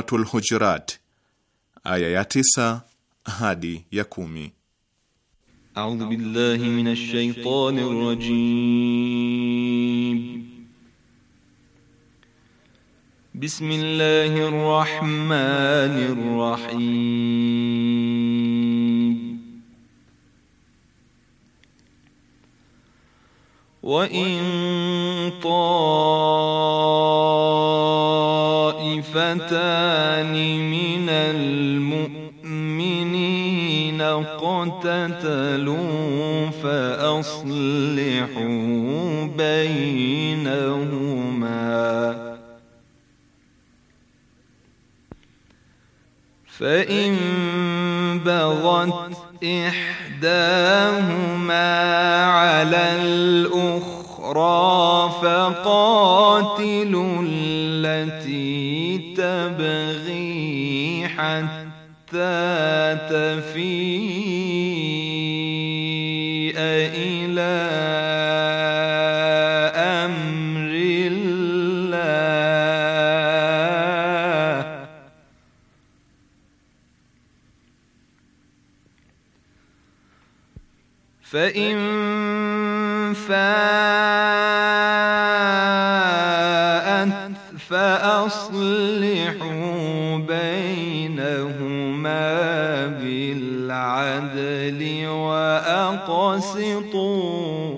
Suratul Hujurat aya ya tisa hadi ya kumi. A'udhu billahi minash shaitanir rajim. Bismillahir rahmanir rahim. Wa in اقتتلوا فأصلحوا بينهما فإن بغت إحداهما على الأخرى فقاتلوا التي تبغي حتى تفيء إلى أمر الله فإن فات تقسطوا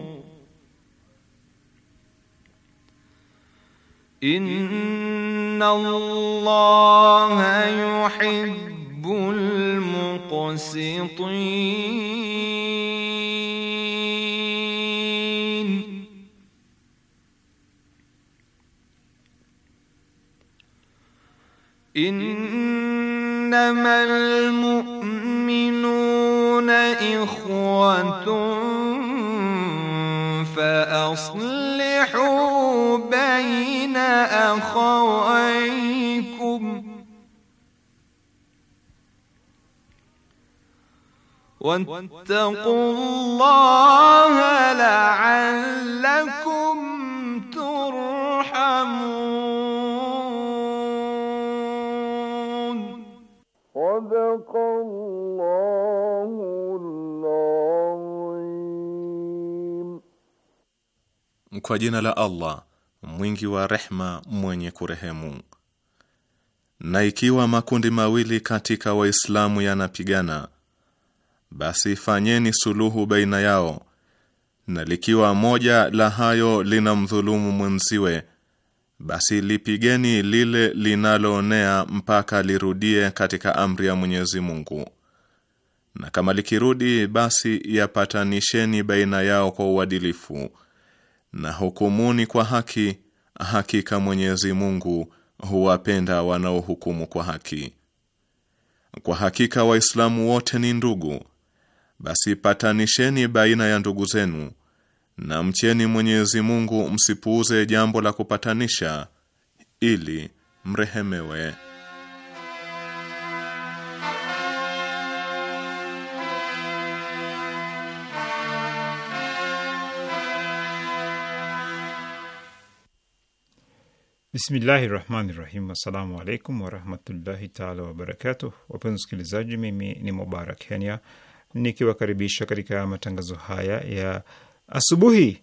إن الله يحب المقسطين إنما الم wattaqullaha la'allakum turhamun. Kwa jina la Allah mwingi wa rehma mwenye kurehemu. Na ikiwa makundi mawili katika Waislamu yanapigana basi fanyeni suluhu baina yao, na likiwa moja la hayo lina mdhulumu mwenziwe, basi lipigeni lile linaloonea mpaka lirudie katika amri ya Mwenyezi Mungu, na kama likirudi, basi yapatanisheni baina yao kwa uadilifu na hukumuni kwa haki. Hakika Mwenyezi Mungu huwapenda wanaohukumu kwa haki. Kwa hakika Waislamu wote ni ndugu basi patanisheni baina ya ndugu zenu na mcheni Mwenyezi Mungu, msipuuze jambo la kupatanisha ili mrehemewe. Bismillahi rahmani rahim. Assalamu alaikum warahmatullahi taala wabarakatuh. Wapenzi wasikilizaji, mimi ni Mubarak Kenya nikiwakaribisha katika matangazo haya ya asubuhi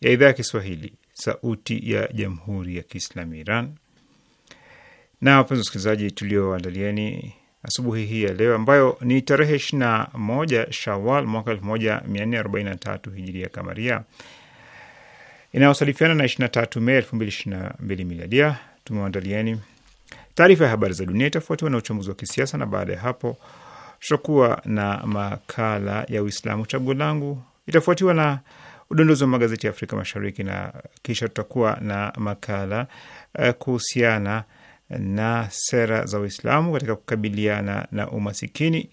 ya idhaa ya Kiswahili sauti ya jamhuri ya Kiislamu Iran. Na wapenzi wasikilizaji, tulioandalieni asubuhi hii ya leo ambayo ni tarehe 21 Shawal mwaka 1443 hijiria kamaria inayosalifiana na 23 Mei 2022 miladia, tumewaandalieni taarifa ya habari za dunia itafuatiwa na uchambuzi wa kisiasa, na baada ya hapo Tutakuwa na makala ya Uislamu chaguo langu, itafuatiwa na udondozi wa magazeti ya Afrika Mashariki na kisha tutakuwa na makala eh, kuhusiana na sera za Uislamu katika kukabiliana na umasikini,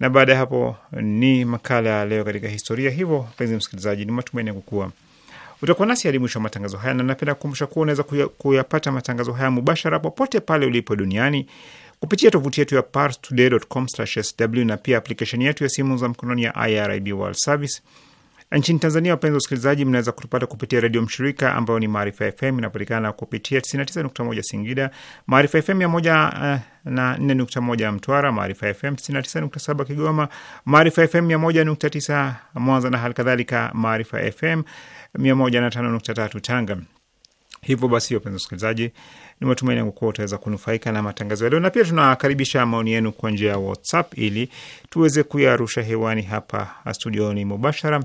na baada ya hapo ni makala ya leo katika historia. Hivyo mpenzi msikilizaji, ni matumaini yangu kuwa utakuwa nasi hadi mwisho wa matangazo haya, na napenda kukumbusha kuwa unaweza kuyapata matangazo haya mubashara popote pale ulipo duniani kupitia tovuti yetu ya parstoday.com/sw na pia aplikesheni yetu ya simu za mkononi ya IRIB World Service. Nchini Tanzania, wapenzi wasikilizaji, mnaweza kutupata kupitia redio mshirika ambayo ni Maarifa FM, inapatikana kupitia 99.1 Singida, Maarifa FM 104.1 eh, Mtwara, Maarifa FM 99.7 Kigoma, Maarifa FM 101.9 Mwanza na hali kadhalika Maarifa FM 105.3 Tanga. Hivyo basi, wapenzi wasikilizaji, ni matumaini yangu kuwa utaweza kunufaika na matangazo ya leo, na pia tunakaribisha maoni yenu kwa njia ya WhatsApp ili tuweze kuyarusha hewani hapa studioni mubashara.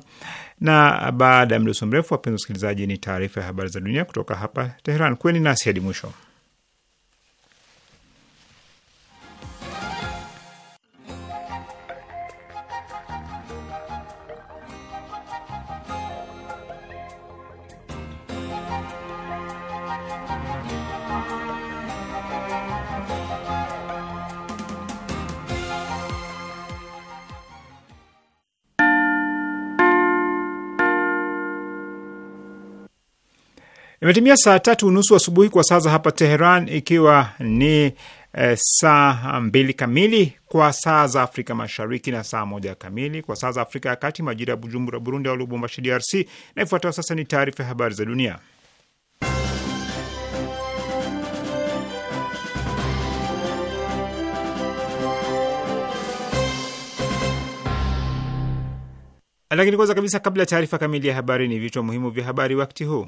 Na baada ya mdoso mrefu, wapenzi wasikilizaji, ni taarifa ya habari za dunia kutoka hapa Teheran. Kweni nasi hadi mwisho. Imetimia saa tatu unusu asubuhi kwa saa za hapa Teheran, ikiwa ni e, saa mbili kamili kwa saa za Afrika Mashariki na saa moja kamili kwa saa za Afrika ya Kati, majira ya Bujumbura, Burundi au Lubumbashi, DRC. Na ifuatayo sasa ni taarifa ya habari za dunia. Lakini kwanza kabisa, kabla ya taarifa kamili ya habari, ni vichwa muhimu vya habari wakati huu.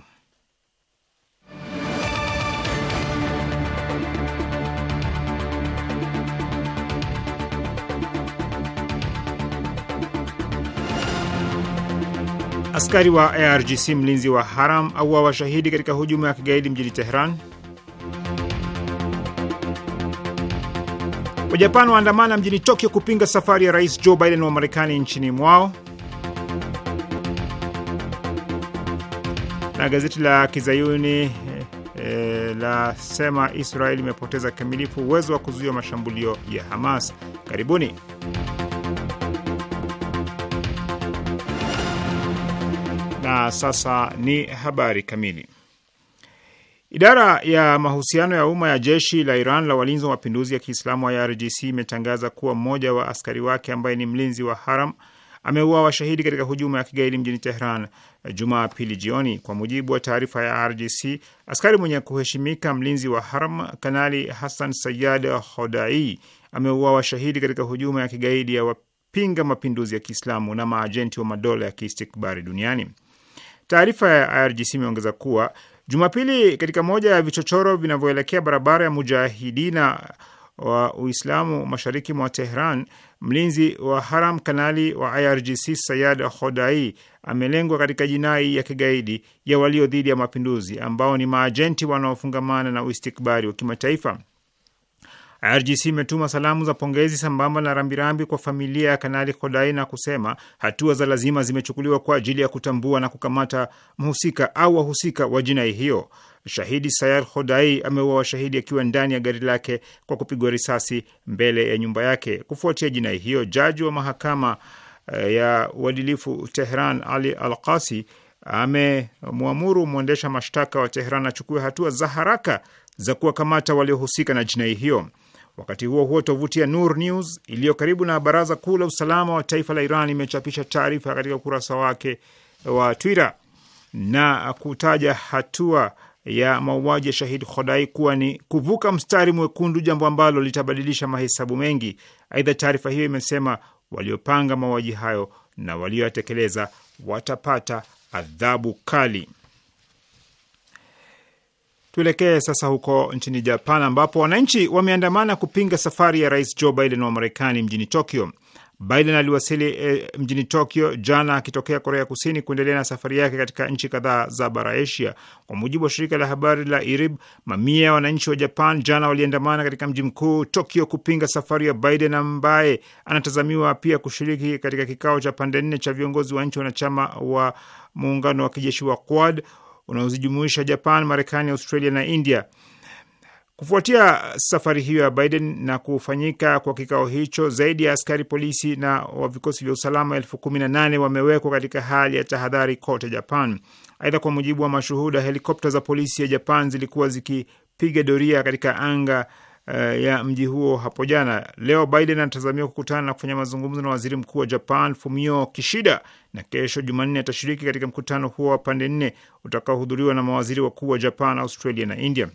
Askari wa ARGC mlinzi wa haram aua washahidi katika hujuma ya kigaidi mjini Teheran. Wajapani waandamana mjini Tokyo kupinga safari ya rais Joe Biden wa Marekani nchini mwao. Na gazeti la kizayuni E, la sema Israel imepoteza kikamilifu uwezo wa kuzuia mashambulio ya Hamas. Karibuni. Na sasa ni habari kamili. Idara ya mahusiano ya umma ya jeshi la Iran la walinzi wa mapinduzi ya Kiislamu IRGC imetangaza kuwa mmoja wa askari wake ambaye ni mlinzi wa haram ameuawa shahidi katika hujuma ya kigaidi mjini Tehran Jumapili jioni. Kwa mujibu wa taarifa ya RGC, askari mwenye kuheshimika mlinzi wa haram Kanali Hassan Sayad Hodai ameua washahidi katika hujuma ya kigaidi ya wapinga mapinduzi ya Kiislamu na maajenti wa madola ya kiistikbari duniani. Taarifa ya IRGC imeongeza kuwa Jumapili, katika moja ya vichochoro vinavyoelekea barabara ya mujahidina wa Uislamu mashariki mwa Tehran, mlinzi wa haram kanali wa IRGC Sayad Khodai amelengwa katika jinai ya kigaidi ya walio dhidi ya mapinduzi ambao ni maajenti wanaofungamana na uistikbari wa kimataifa. IRGC imetuma salamu za pongezi sambamba na rambirambi kwa familia ya Kanali Khodai na kusema hatua za lazima zimechukuliwa kwa ajili ya kutambua na kukamata mhusika au wahusika wa jinai hiyo. Shahidi Sayar Khodai ameua washahidi akiwa ndani ya gari lake kwa kupigwa risasi mbele ya nyumba yake. Kufuatia jinai hiyo, jaji wa mahakama eh, ya uadilifu Tehran Ali Al Alqasi amemwamuru mwendesha mashtaka wa Tehran achukue hatua za haraka za kuwakamata waliohusika na jinai hiyo. Wakati huo huo, tovuti ya Nur News iliyo karibu na baraza kuu la usalama wa taifa la Iran imechapisha taarifa katika ukurasa wake wa Twitter na kutaja hatua ya mauaji ya shahid Khodai kuwa ni kuvuka mstari mwekundu, jambo ambalo litabadilisha mahesabu mengi. Aidha, taarifa hiyo imesema waliopanga mauaji hayo na walioyatekeleza watapata adhabu kali. Tuelekee sasa huko nchini Japan ambapo wananchi wameandamana kupinga safari ya rais Joe Biden wa Marekani mjini Tokyo. Biden aliwasili e, mjini Tokyo jana akitokea Korea Kusini kuendelea na safari yake katika nchi kadhaa za bara Asia. Kwa mujibu wa shirika la habari la IRIB, mamia ya wananchi wa Japan jana waliandamana katika mji mkuu Tokyo kupinga safari ya Biden ambaye anatazamiwa pia kushiriki katika kikao cha pande nne cha viongozi wa nchi wanachama wa muungano wa kijeshi wa Quad unaozijumuisha Japan, Marekani, Australia na India. Kufuatia safari hiyo ya Biden na kufanyika kwa kikao hicho, zaidi ya askari polisi na wa vikosi vya usalama elfu kumi na nane wamewekwa katika hali ya tahadhari kote Japan. Aidha, kwa mujibu wa mashuhuda, helikopta za polisi ya Japan zilikuwa zikipiga doria katika anga Eh, ya mji huo hapo jana. Leo Biden anatazamiwa kukutana na kufanya mazungumzo na waziri mkuu wa Japan Fumio Kishida, na kesho Jumanne atashiriki katika mkutano huo wa pande nne utakaohudhuriwa na mawaziri wakuu wa Japan, Australia na India.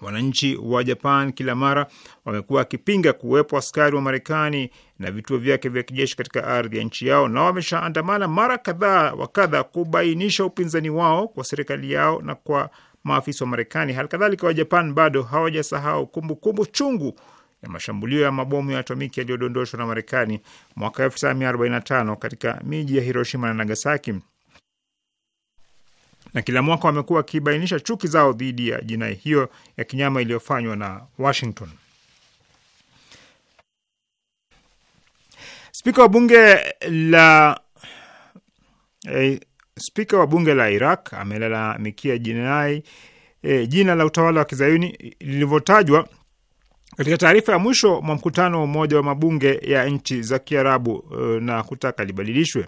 Wananchi wa Japan kila mara wamekuwa wakipinga kuwepo askari wa Marekani na vituo vyake vya kijeshi katika ardhi ya nchi yao, na wameshaandamana mara kadhaa wa kadha kubainisha upinzani wao kwa serikali yao na kwa maafisa wa Marekani. Halikadhalika, wa Japan bado hawajasahau kumbukumbu chungu ya mashambulio ya mabomu ya atomiki yaliyodondoshwa na Marekani mwaka 1945 katika miji ya Hiroshima na Nagasaki, na kila mwaka wamekuwa wakibainisha chuki zao dhidi ya jinai hiyo ya kinyama iliyofanywa na Washington. Spika wa bunge la eh, Spika wa bunge la Iraq amelalamikia jinai e, jina la utawala wa kizayuni lilivyotajwa katika taarifa ya mwisho mwa mkutano wa Umoja wa mabunge ya nchi za Kiarabu e, na kutaka libadilishwe.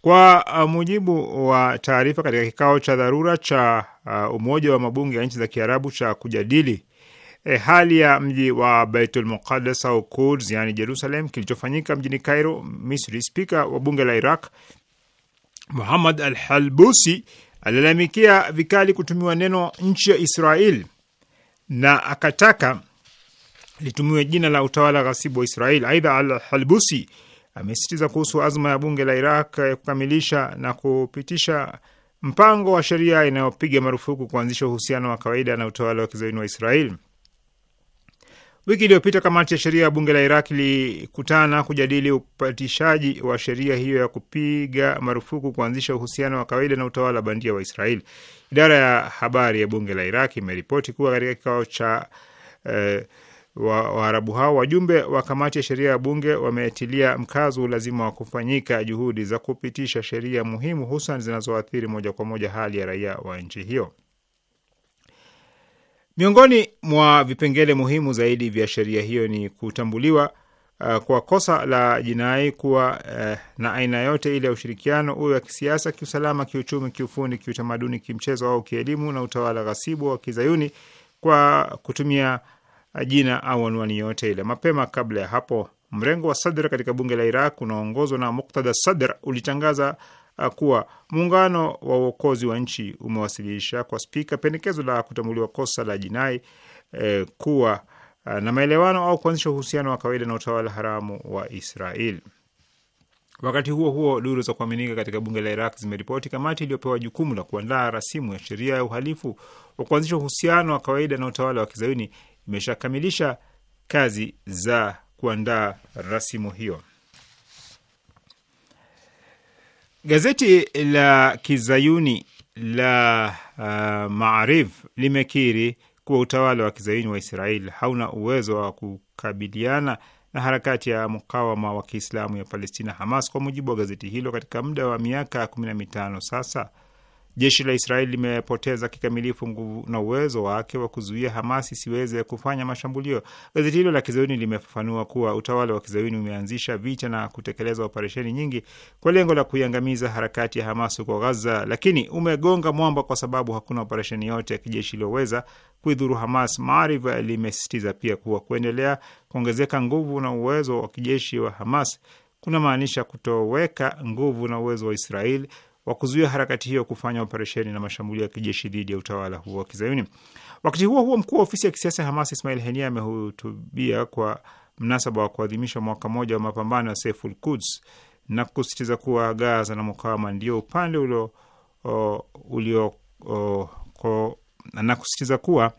Kwa eh, mujibu wa taarifa katika kikao cha dharura cha uh, Umoja wa mabunge ya nchi za Kiarabu cha kujadili e, hali ya mji wa Baitul Muqaddas au Quds, yani Jerusalem, kilichofanyika mjini Cairo, Misri, spika wa bunge la Iraq Muhammad al Halbusi alilalamikia vikali kutumiwa neno nchi ya Israel na akataka litumiwe jina la utawala ghasibu wa Israel. Aidha, al Halbusi amesisitiza kuhusu azma ya bunge la Iraq ya kukamilisha na kupitisha mpango wa sheria inayopiga marufuku kuanzisha uhusiano wa kawaida na utawala wa kizayuni wa Israel. Wiki iliyopita kamati ya sheria ya bunge la Iraq ilikutana kujadili upatishaji wa sheria hiyo ya kupiga marufuku kuanzisha uhusiano wa kawaida na utawala bandia wa Israeli. Idara ya habari ya bunge la Iraq imeripoti kuwa katika kikao cha eh, Waarabu wa hao wajumbe wa kamati ya sheria ya bunge wametilia mkazo ulazima wa kufanyika juhudi za kupitisha sheria muhimu, hususan zinazoathiri moja kwa moja hali ya raia wa nchi hiyo. Miongoni mwa vipengele muhimu zaidi vya sheria hiyo ni kutambuliwa uh, kwa kosa la jinai kuwa uh, na aina yote ile ya ushirikiano, uwe wa kisiasa, kiusalama, kiuchumi, kiufundi, kiutamaduni, kimchezo au kielimu, na utawala ghasibu wa kizayuni kwa kutumia uh, jina au anwani yote ile. Mapema kabla ya hapo, mrengo wa Sadr katika bunge la Iraq unaongozwa na muktadha Sadr ulitangaza Uh, kuwa muungano wa uokozi wa nchi umewasilisha kwa spika pendekezo la kutambuliwa kosa la jinai e, kuwa uh, na maelewano au kuanzisha uhusiano wa kawaida na utawala haramu wa Israel. Wakati huo huo, duru za kuaminika katika bunge la Iraq zimeripoti kamati iliyopewa jukumu la kuandaa rasimu ya sheria ya uhalifu wa kuanzisha uhusiano wa kawaida na utawala wa kizayuni imeshakamilisha kazi za kuandaa rasimu hiyo. Gazeti la kizayuni la uh, Maarif limekiri kuwa utawala wa kizayuni wa Israeli hauna uwezo wa kukabiliana na harakati ya mukawama wa kiislamu ya Palestina, Hamas. Kwa mujibu wa gazeti hilo, katika muda wa miaka kumi na mitano sasa Jeshi la Israeli limepoteza kikamilifu nguvu na uwezo wake wa kuzuia Hamas isiweze kufanya mashambulio. Gazeti hilo la kizayuni limefafanua kuwa utawala wa kizayuni umeanzisha vita na kutekeleza operesheni nyingi kwa lengo la kuiangamiza harakati ya Hamas huko Gaza, lakini umegonga mwamba kwa sababu hakuna operesheni yote ya kijeshi iliyoweza kuidhuru Hamas. Maariv limesisitiza pia kuwa kuendelea kuongezeka nguvu na uwezo wa kijeshi wa Hamas kunamaanisha kutoweka nguvu na uwezo wa Israeli wa kuzuia harakati hiyo kufanya operesheni na mashambulio ya kijeshi dhidi ya utawala huo wa kizayuni. Wakati huo huo, mkuu wa ofisi ya kisiasa ya Hamas Ismail Henia amehutubia kwa mnasaba wa kuadhimisha mwaka mmoja wa mapambano ya Saiful Quds na kusisitiza kuwa Gaza na mukawama ndio upande ulio ulio na kusisitiza kuwa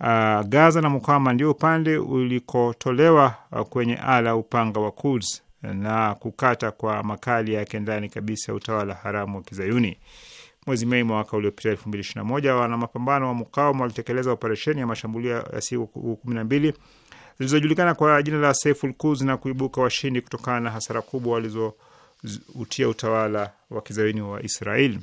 uh, Gaza na mukawama ndio upande ulikotolewa uh, kwenye ala upanga wa Quds na kukata kwa makali yake ndani kabisa utawala haramu wa Kizayuni. Mwezi Mei mwaka uliopita elfu mbili ishirini na moja, wana mapambano wa mukawama walitekeleza operesheni ya mashambulio ya siku kumi na mbili zilizojulikana kwa jina la Saiful Quds na kuibuka washindi kutokana na hasara kubwa walizoutia utawala wa Kizayuni wa Israel.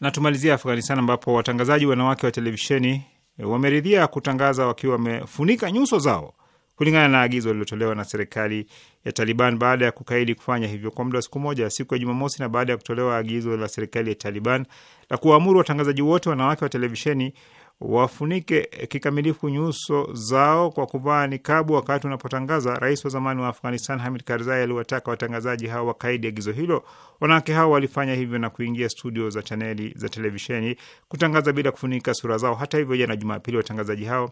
Natumalizia Afghanistan ambapo watangazaji wanawake wa televisheni wameridhia kutangaza wakiwa wamefunika nyuso zao kulingana na agizo lililotolewa na serikali ya Taliban baada ya kukaidi kufanya hivyo kwa muda wa siku moja siku ya Jumamosi, na baada ya kutolewa agizo la serikali ya Taliban la kuwaamuru watangazaji wote wanawake wa televisheni wafunike kikamilifu nyuso zao kwa kuvaa nikabu wakati wanapotangaza. Rais wa zamani wa Afghanistan Hamid Karzai aliwataka watangazaji hao wakaidi agizo hilo. Wanawake hao walifanya hivyo na kuingia studio za chaneli za televisheni kutangaza bila kufunika sura zao. Hata hivyo, jana Jumapili, watangazaji hao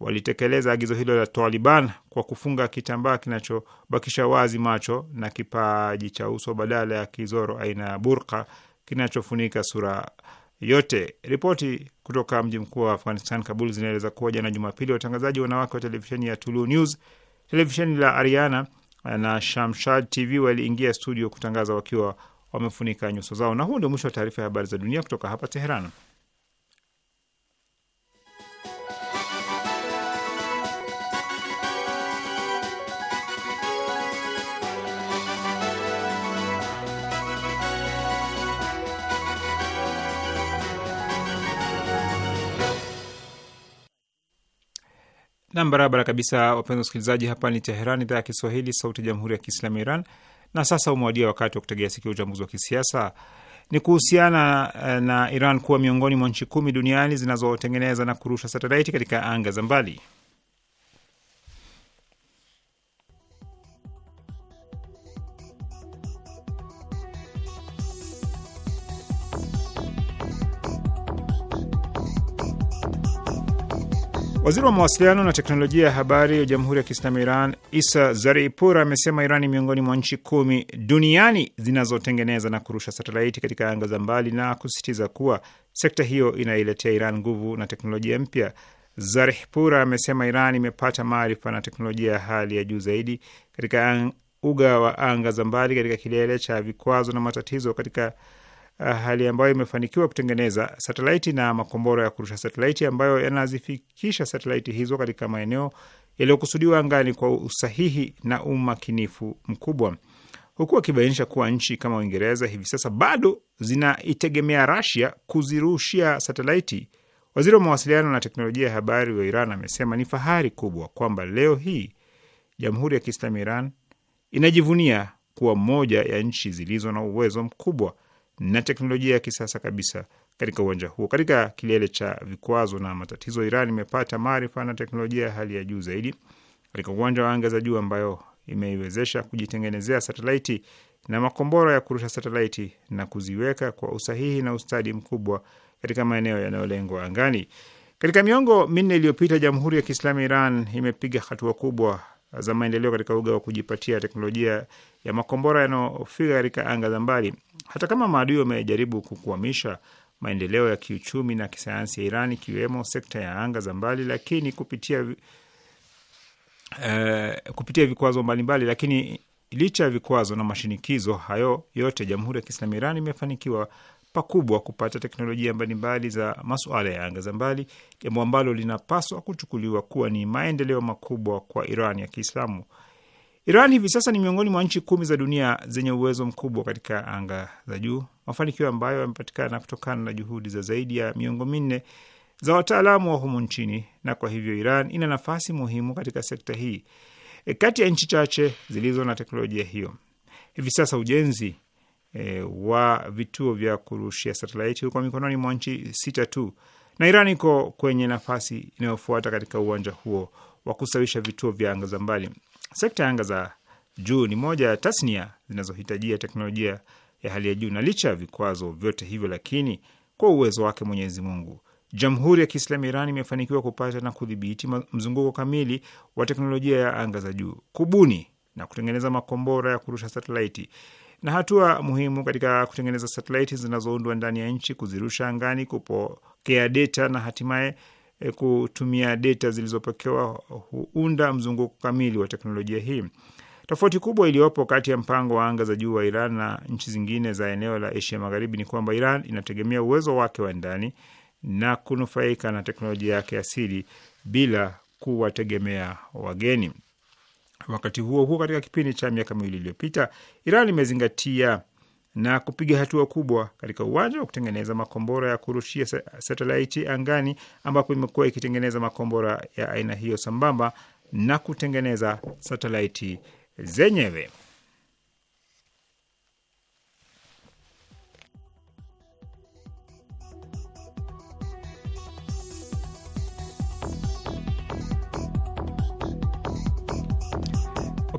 walitekeleza agizo hilo la Taliban kwa kufunga kitambaa kinachobakisha wazi macho na kipaji cha uso badala ya kizoro aina ya burka kinachofunika sura yote. Ripoti kutoka mji mkuu wa Afghanistan, Kabul, zinaeleza kuwa jana Jumapili, watangazaji wanawake wa televisheni ya Tulu News, televisheni la Ariana na Shamshad TV waliingia studio kutangaza wakiwa wamefunika nyuso zao. Na huu ndio mwisho wa taarifa ya habari za dunia kutoka hapa Teheran. Nam, barabara kabisa, wapenzi wasikilizaji, hapa ni Teheran, idhaa ya Kiswahili, sauti ya jamhuri ya kiislamu ya Iran. Na sasa umewadia wakati wa kutegea sikio. Uchambuzi wa kisiasa ni kuhusiana eh, na Iran kuwa miongoni mwa nchi kumi duniani zinazotengeneza na kurusha satelaiti katika anga za mbali. Waziri wa mawasiliano na teknolojia ya habari ya Jamhuri ya Kiislamu Iran Isa Zariipur amesema Iran ni miongoni mwa nchi kumi duniani zinazotengeneza na kurusha satelaiti katika anga za mbali na kusisitiza kuwa sekta hiyo inailetea Iran nguvu na teknolojia mpya. Zaripur amesema Iran imepata maarifa na teknolojia ya hali ya juu zaidi katika uga wa anga za mbali katika kilele cha vikwazo na matatizo katika Eh, hali ambayo imefanikiwa kutengeneza satelaiti na makombora ya kurusha satelaiti ambayo yanazifikisha satelaiti hizo katika maeneo yaliyokusudiwa angani kwa usahihi na umakinifu mkubwa, huku akibainisha kuwa nchi kama Uingereza hivi sasa bado zinaitegemea Rasia kuzirushia satelaiti. Waziri wa mawasiliano na teknolojia ya habari wa Iran amesema ni fahari kubwa kwamba leo hii Jamhuri ya Kiislamu Iran inajivunia kuwa moja ya nchi zilizo na uwezo mkubwa na teknolojia ya kisasa kabisa katika uwanja huo. Katika kilele cha vikwazo na matatizo, Iran imepata maarifa na teknolojia ya hali ya juu zaidi katika uwanja wa anga za juu ambayo imeiwezesha kujitengenezea satelaiti na makombora ya kurusha satelaiti na kuziweka kwa usahihi na ustadi mkubwa katika maeneo yanayolengwa angani. Katika miongo minne iliyopita, Jamhuri ya Kiislamu Iran imepiga hatua kubwa za maendeleo katika uga wa kujipatia teknolojia ya makombora yanayofika katika anga za mbali. Hata kama maadui wamejaribu kukwamisha maendeleo ya kiuchumi na kisayansi ya Iran, ikiwemo sekta ya anga za mbali, lakini kupitia uh, kupitia vikwazo mbalimbali, lakini licha ya vikwazo na mashinikizo hayo yote, Jamhuri ya Kiislamu Iran imefanikiwa pakubwa kupata teknolojia mbalimbali za masuala ya anga za mbali, jambo ambalo linapaswa kuchukuliwa kuwa ni maendeleo makubwa kwa Iran ya Kiislamu. Iran hivi sasa ni miongoni mwa nchi kumi za dunia zenye uwezo mkubwa katika anga za juu, mafanikio ambayo yamepatikana kutokana na juhudi za zaidi ya miongo minne za wataalamu wa humu nchini, na kwa hivyo Iran ina nafasi muhimu katika sekta hii e, kati ya nchi chache zilizo na teknolojia hiyo. Hivi sasa ujenzi e, wa vituo vya kurushia satelaiti huko mikononi mwa nchi sita tu, na Iran iko kwenye nafasi inayofuata katika uwanja huo wa kusawisha vituo vya anga za mbali. Sekta ya anga za juu ni moja ya tasnia zinazohitajia teknolojia ya hali ya juu, na licha ya vikwazo vyote hivyo, lakini kwa uwezo wake Mwenyezi Mungu, Jamhuri ya Kiislamu ya Iran imefanikiwa kupata na kudhibiti mzunguko kamili wa teknolojia ya anga za juu, kubuni na kutengeneza makombora ya kurusha satelaiti na hatua muhimu katika kutengeneza satelaiti zinazoundwa ndani ya nchi, kuzirusha angani, kupokea data na hatimaye Eh, kutumia data zilizopokewa huunda mzunguko kamili wa teknolojia hii. Tofauti kubwa iliyopo kati ya mpango wa anga za juu wa Iran na nchi zingine za eneo la Asia Magharibi ni kwamba Iran inategemea uwezo wake wa ndani na kunufaika na teknolojia yake asili bila kuwategemea wageni. Wakati huo huo, katika kipindi cha miaka miwili iliyopita, Iran imezingatia na kupiga hatua kubwa katika uwanja wa kutengeneza makombora ya kurushia satelaiti angani, ambapo imekuwa ikitengeneza makombora ya aina hiyo sambamba na kutengeneza satelaiti zenyewe.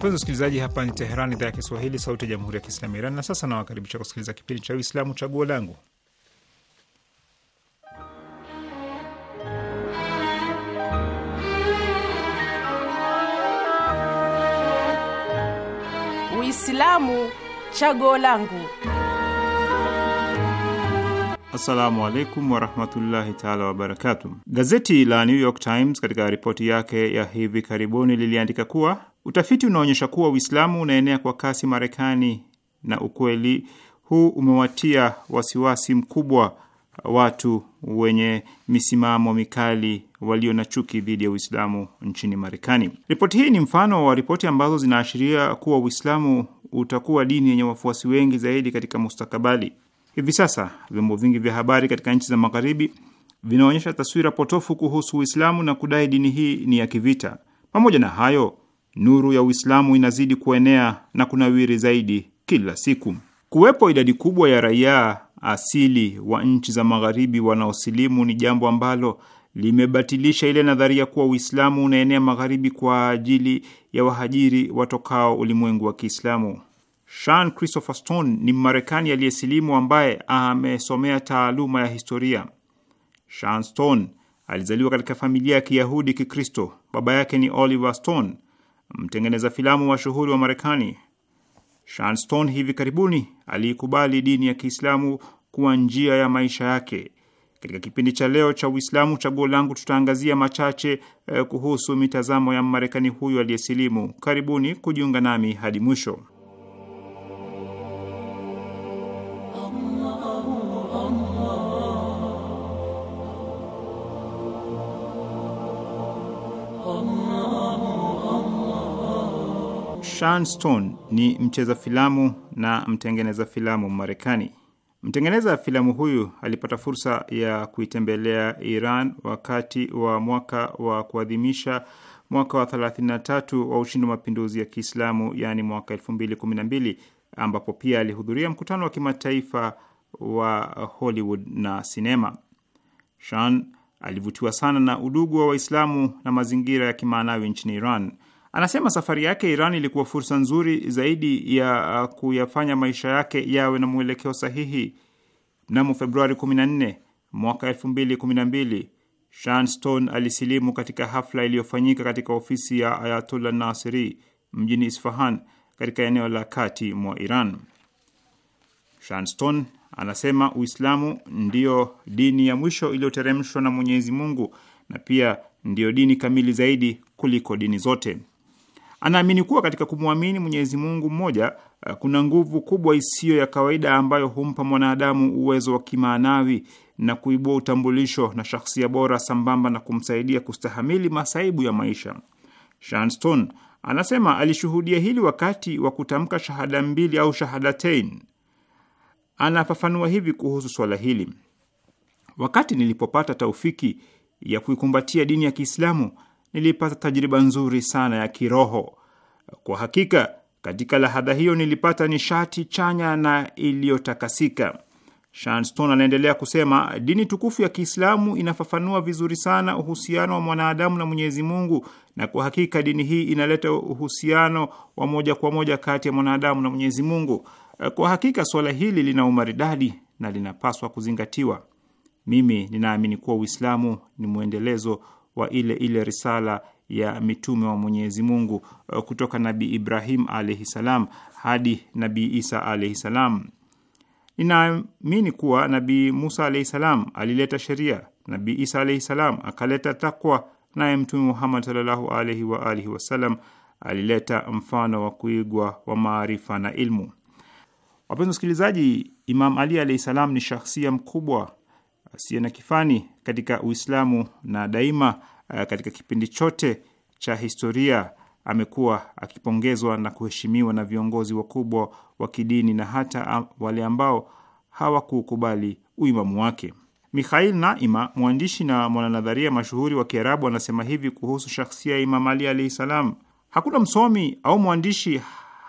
Wapenzi wasikilizaji, hapa ni Teheran, idhaa ya Kiswahili, sauti ya jamhuri ya kiislamu ya Iran. Na sasa nawakaribisha kusikiliza kipindi cha Uislamu Chaguo Langu. Uislamu Chaguo Langu. Assalamu alaikum warahmatullahi taala wabarakatu. Gazeti la New York Times katika ripoti yake ya hivi karibuni liliandika kuwa Utafiti unaonyesha kuwa Uislamu unaenea kwa kasi Marekani, na ukweli huu umewatia wasiwasi mkubwa watu wenye misimamo mikali walio na chuki dhidi ya Uislamu nchini Marekani. Ripoti hii ni mfano wa ripoti ambazo zinaashiria kuwa Uislamu utakuwa dini yenye wafuasi wengi zaidi katika mustakabali. Hivi sasa vyombo vingi vya habari katika nchi za Magharibi vinaonyesha taswira potofu kuhusu Uislamu na kudai dini hii ni ya kivita. Pamoja na hayo nuru ya Uislamu inazidi kuenea na kunawiri zaidi kila siku. Kuwepo idadi kubwa ya raia asili wa nchi za magharibi wanaosilimu ni jambo ambalo limebatilisha ile nadharia kuwa Uislamu unaenea magharibi kwa ajili ya wahajiri watokao ulimwengu wa Kiislamu. Sean Christopher Stone ni Mmarekani aliyesilimu ambaye amesomea taaluma ya historia. Sean Stone alizaliwa katika familia ya Kiyahudi Kikristo. Baba yake ni Oliver Stone Mtengeneza filamu mashuhuri wa, wa Marekani Sean Stone hivi karibuni aliikubali dini ya Kiislamu kuwa njia ya maisha yake. Katika kipindi cha leo cha Uislamu Chaguo Langu, tutaangazia machache eh, kuhusu mitazamo ya marekani huyu aliyesilimu. Karibuni kujiunga nami hadi mwisho. Sean Stone ni mcheza filamu na mtengeneza filamu Marekani. Mtengeneza filamu huyu alipata fursa ya kuitembelea Iran wakati wa mwaka wa kuadhimisha mwaka wa 33 wa ushindi wa mapinduzi ya Kiislamu, yaani mwaka 2012 ambapo pia alihudhuria mkutano wa kimataifa wa Hollywood na sinema. Sean alivutiwa sana na udugu wa Waislamu na mazingira ya kimaanawi nchini Iran. Anasema safari yake Iran ilikuwa fursa nzuri zaidi ya uh, kuyafanya maisha yake yawe na mwelekeo sahihi. Mnamo Februari 14 mwaka 2012 Stone alisilimu katika hafla iliyofanyika katika ofisi ya Ayatollah Nasiri mjini Isfahan katika eneo la kati mwa Iran. Stone anasema Uislamu ndiyo dini ya mwisho iliyoteremshwa na Mwenyezi Mungu na pia ndiyo dini kamili zaidi kuliko dini zote. Anaamini kuwa katika kumwamini Mwenyezi Mungu mmoja eh, kuna nguvu kubwa isiyo ya kawaida ambayo humpa mwanadamu uwezo wa kimaanawi na kuibua utambulisho na shahsia bora sambamba na kumsaidia kustahamili masaibu ya maisha. shanston anasema alishuhudia hili wakati wa kutamka shahada mbili au shahadatein. Anafafanua hivi kuhusu swala hili: wakati nilipopata taufiki ya kuikumbatia dini ya Kiislamu nilipata tajriba nzuri sana ya kiroho. Kwa hakika katika lahadha hiyo nilipata nishati chanya na iliyotakasika. Shanston anaendelea kusema, dini tukufu ya Kiislamu inafafanua vizuri sana uhusiano wa mwanadamu na Mwenyezi Mungu, na kwa hakika dini hii inaleta uhusiano wa moja kwa moja kati ya mwanadamu na Mwenyezi Mungu. Kwa hakika suala hili lina umaridadi na linapaswa kuzingatiwa. Mimi ninaamini kuwa Uislamu ni mwendelezo wa ile ile risala ya mitume wa Mwenyezi Mungu uh, kutoka Nabii Ibrahim alaihi salam hadi Nabii Isa alaihi salam. Ninaamini kuwa Nabii Musa alaihi salam alileta sheria, Nabii Isa alaihi salam akaleta takwa, naye Mtume Muhammad sallallahu alaihi wa alihi wasallam alileta mfano wa kuigwa wa maarifa na ilmu. Wapenzi wasikilizaji, Imam Ali alaihi salam ni shahsia mkubwa asiye na kifani katika Uislamu na daima eh, katika kipindi chote cha historia amekuwa akipongezwa na kuheshimiwa na viongozi wakubwa wa kidini na hata wale ambao hawakukubali uimamu wake. Mikhail Naima, mwandishi na mwananadharia mashuhuri wa Kiarabu, anasema hivi kuhusu shakhsia ya Imam Ali alaihi salam: hakuna msomi au mwandishi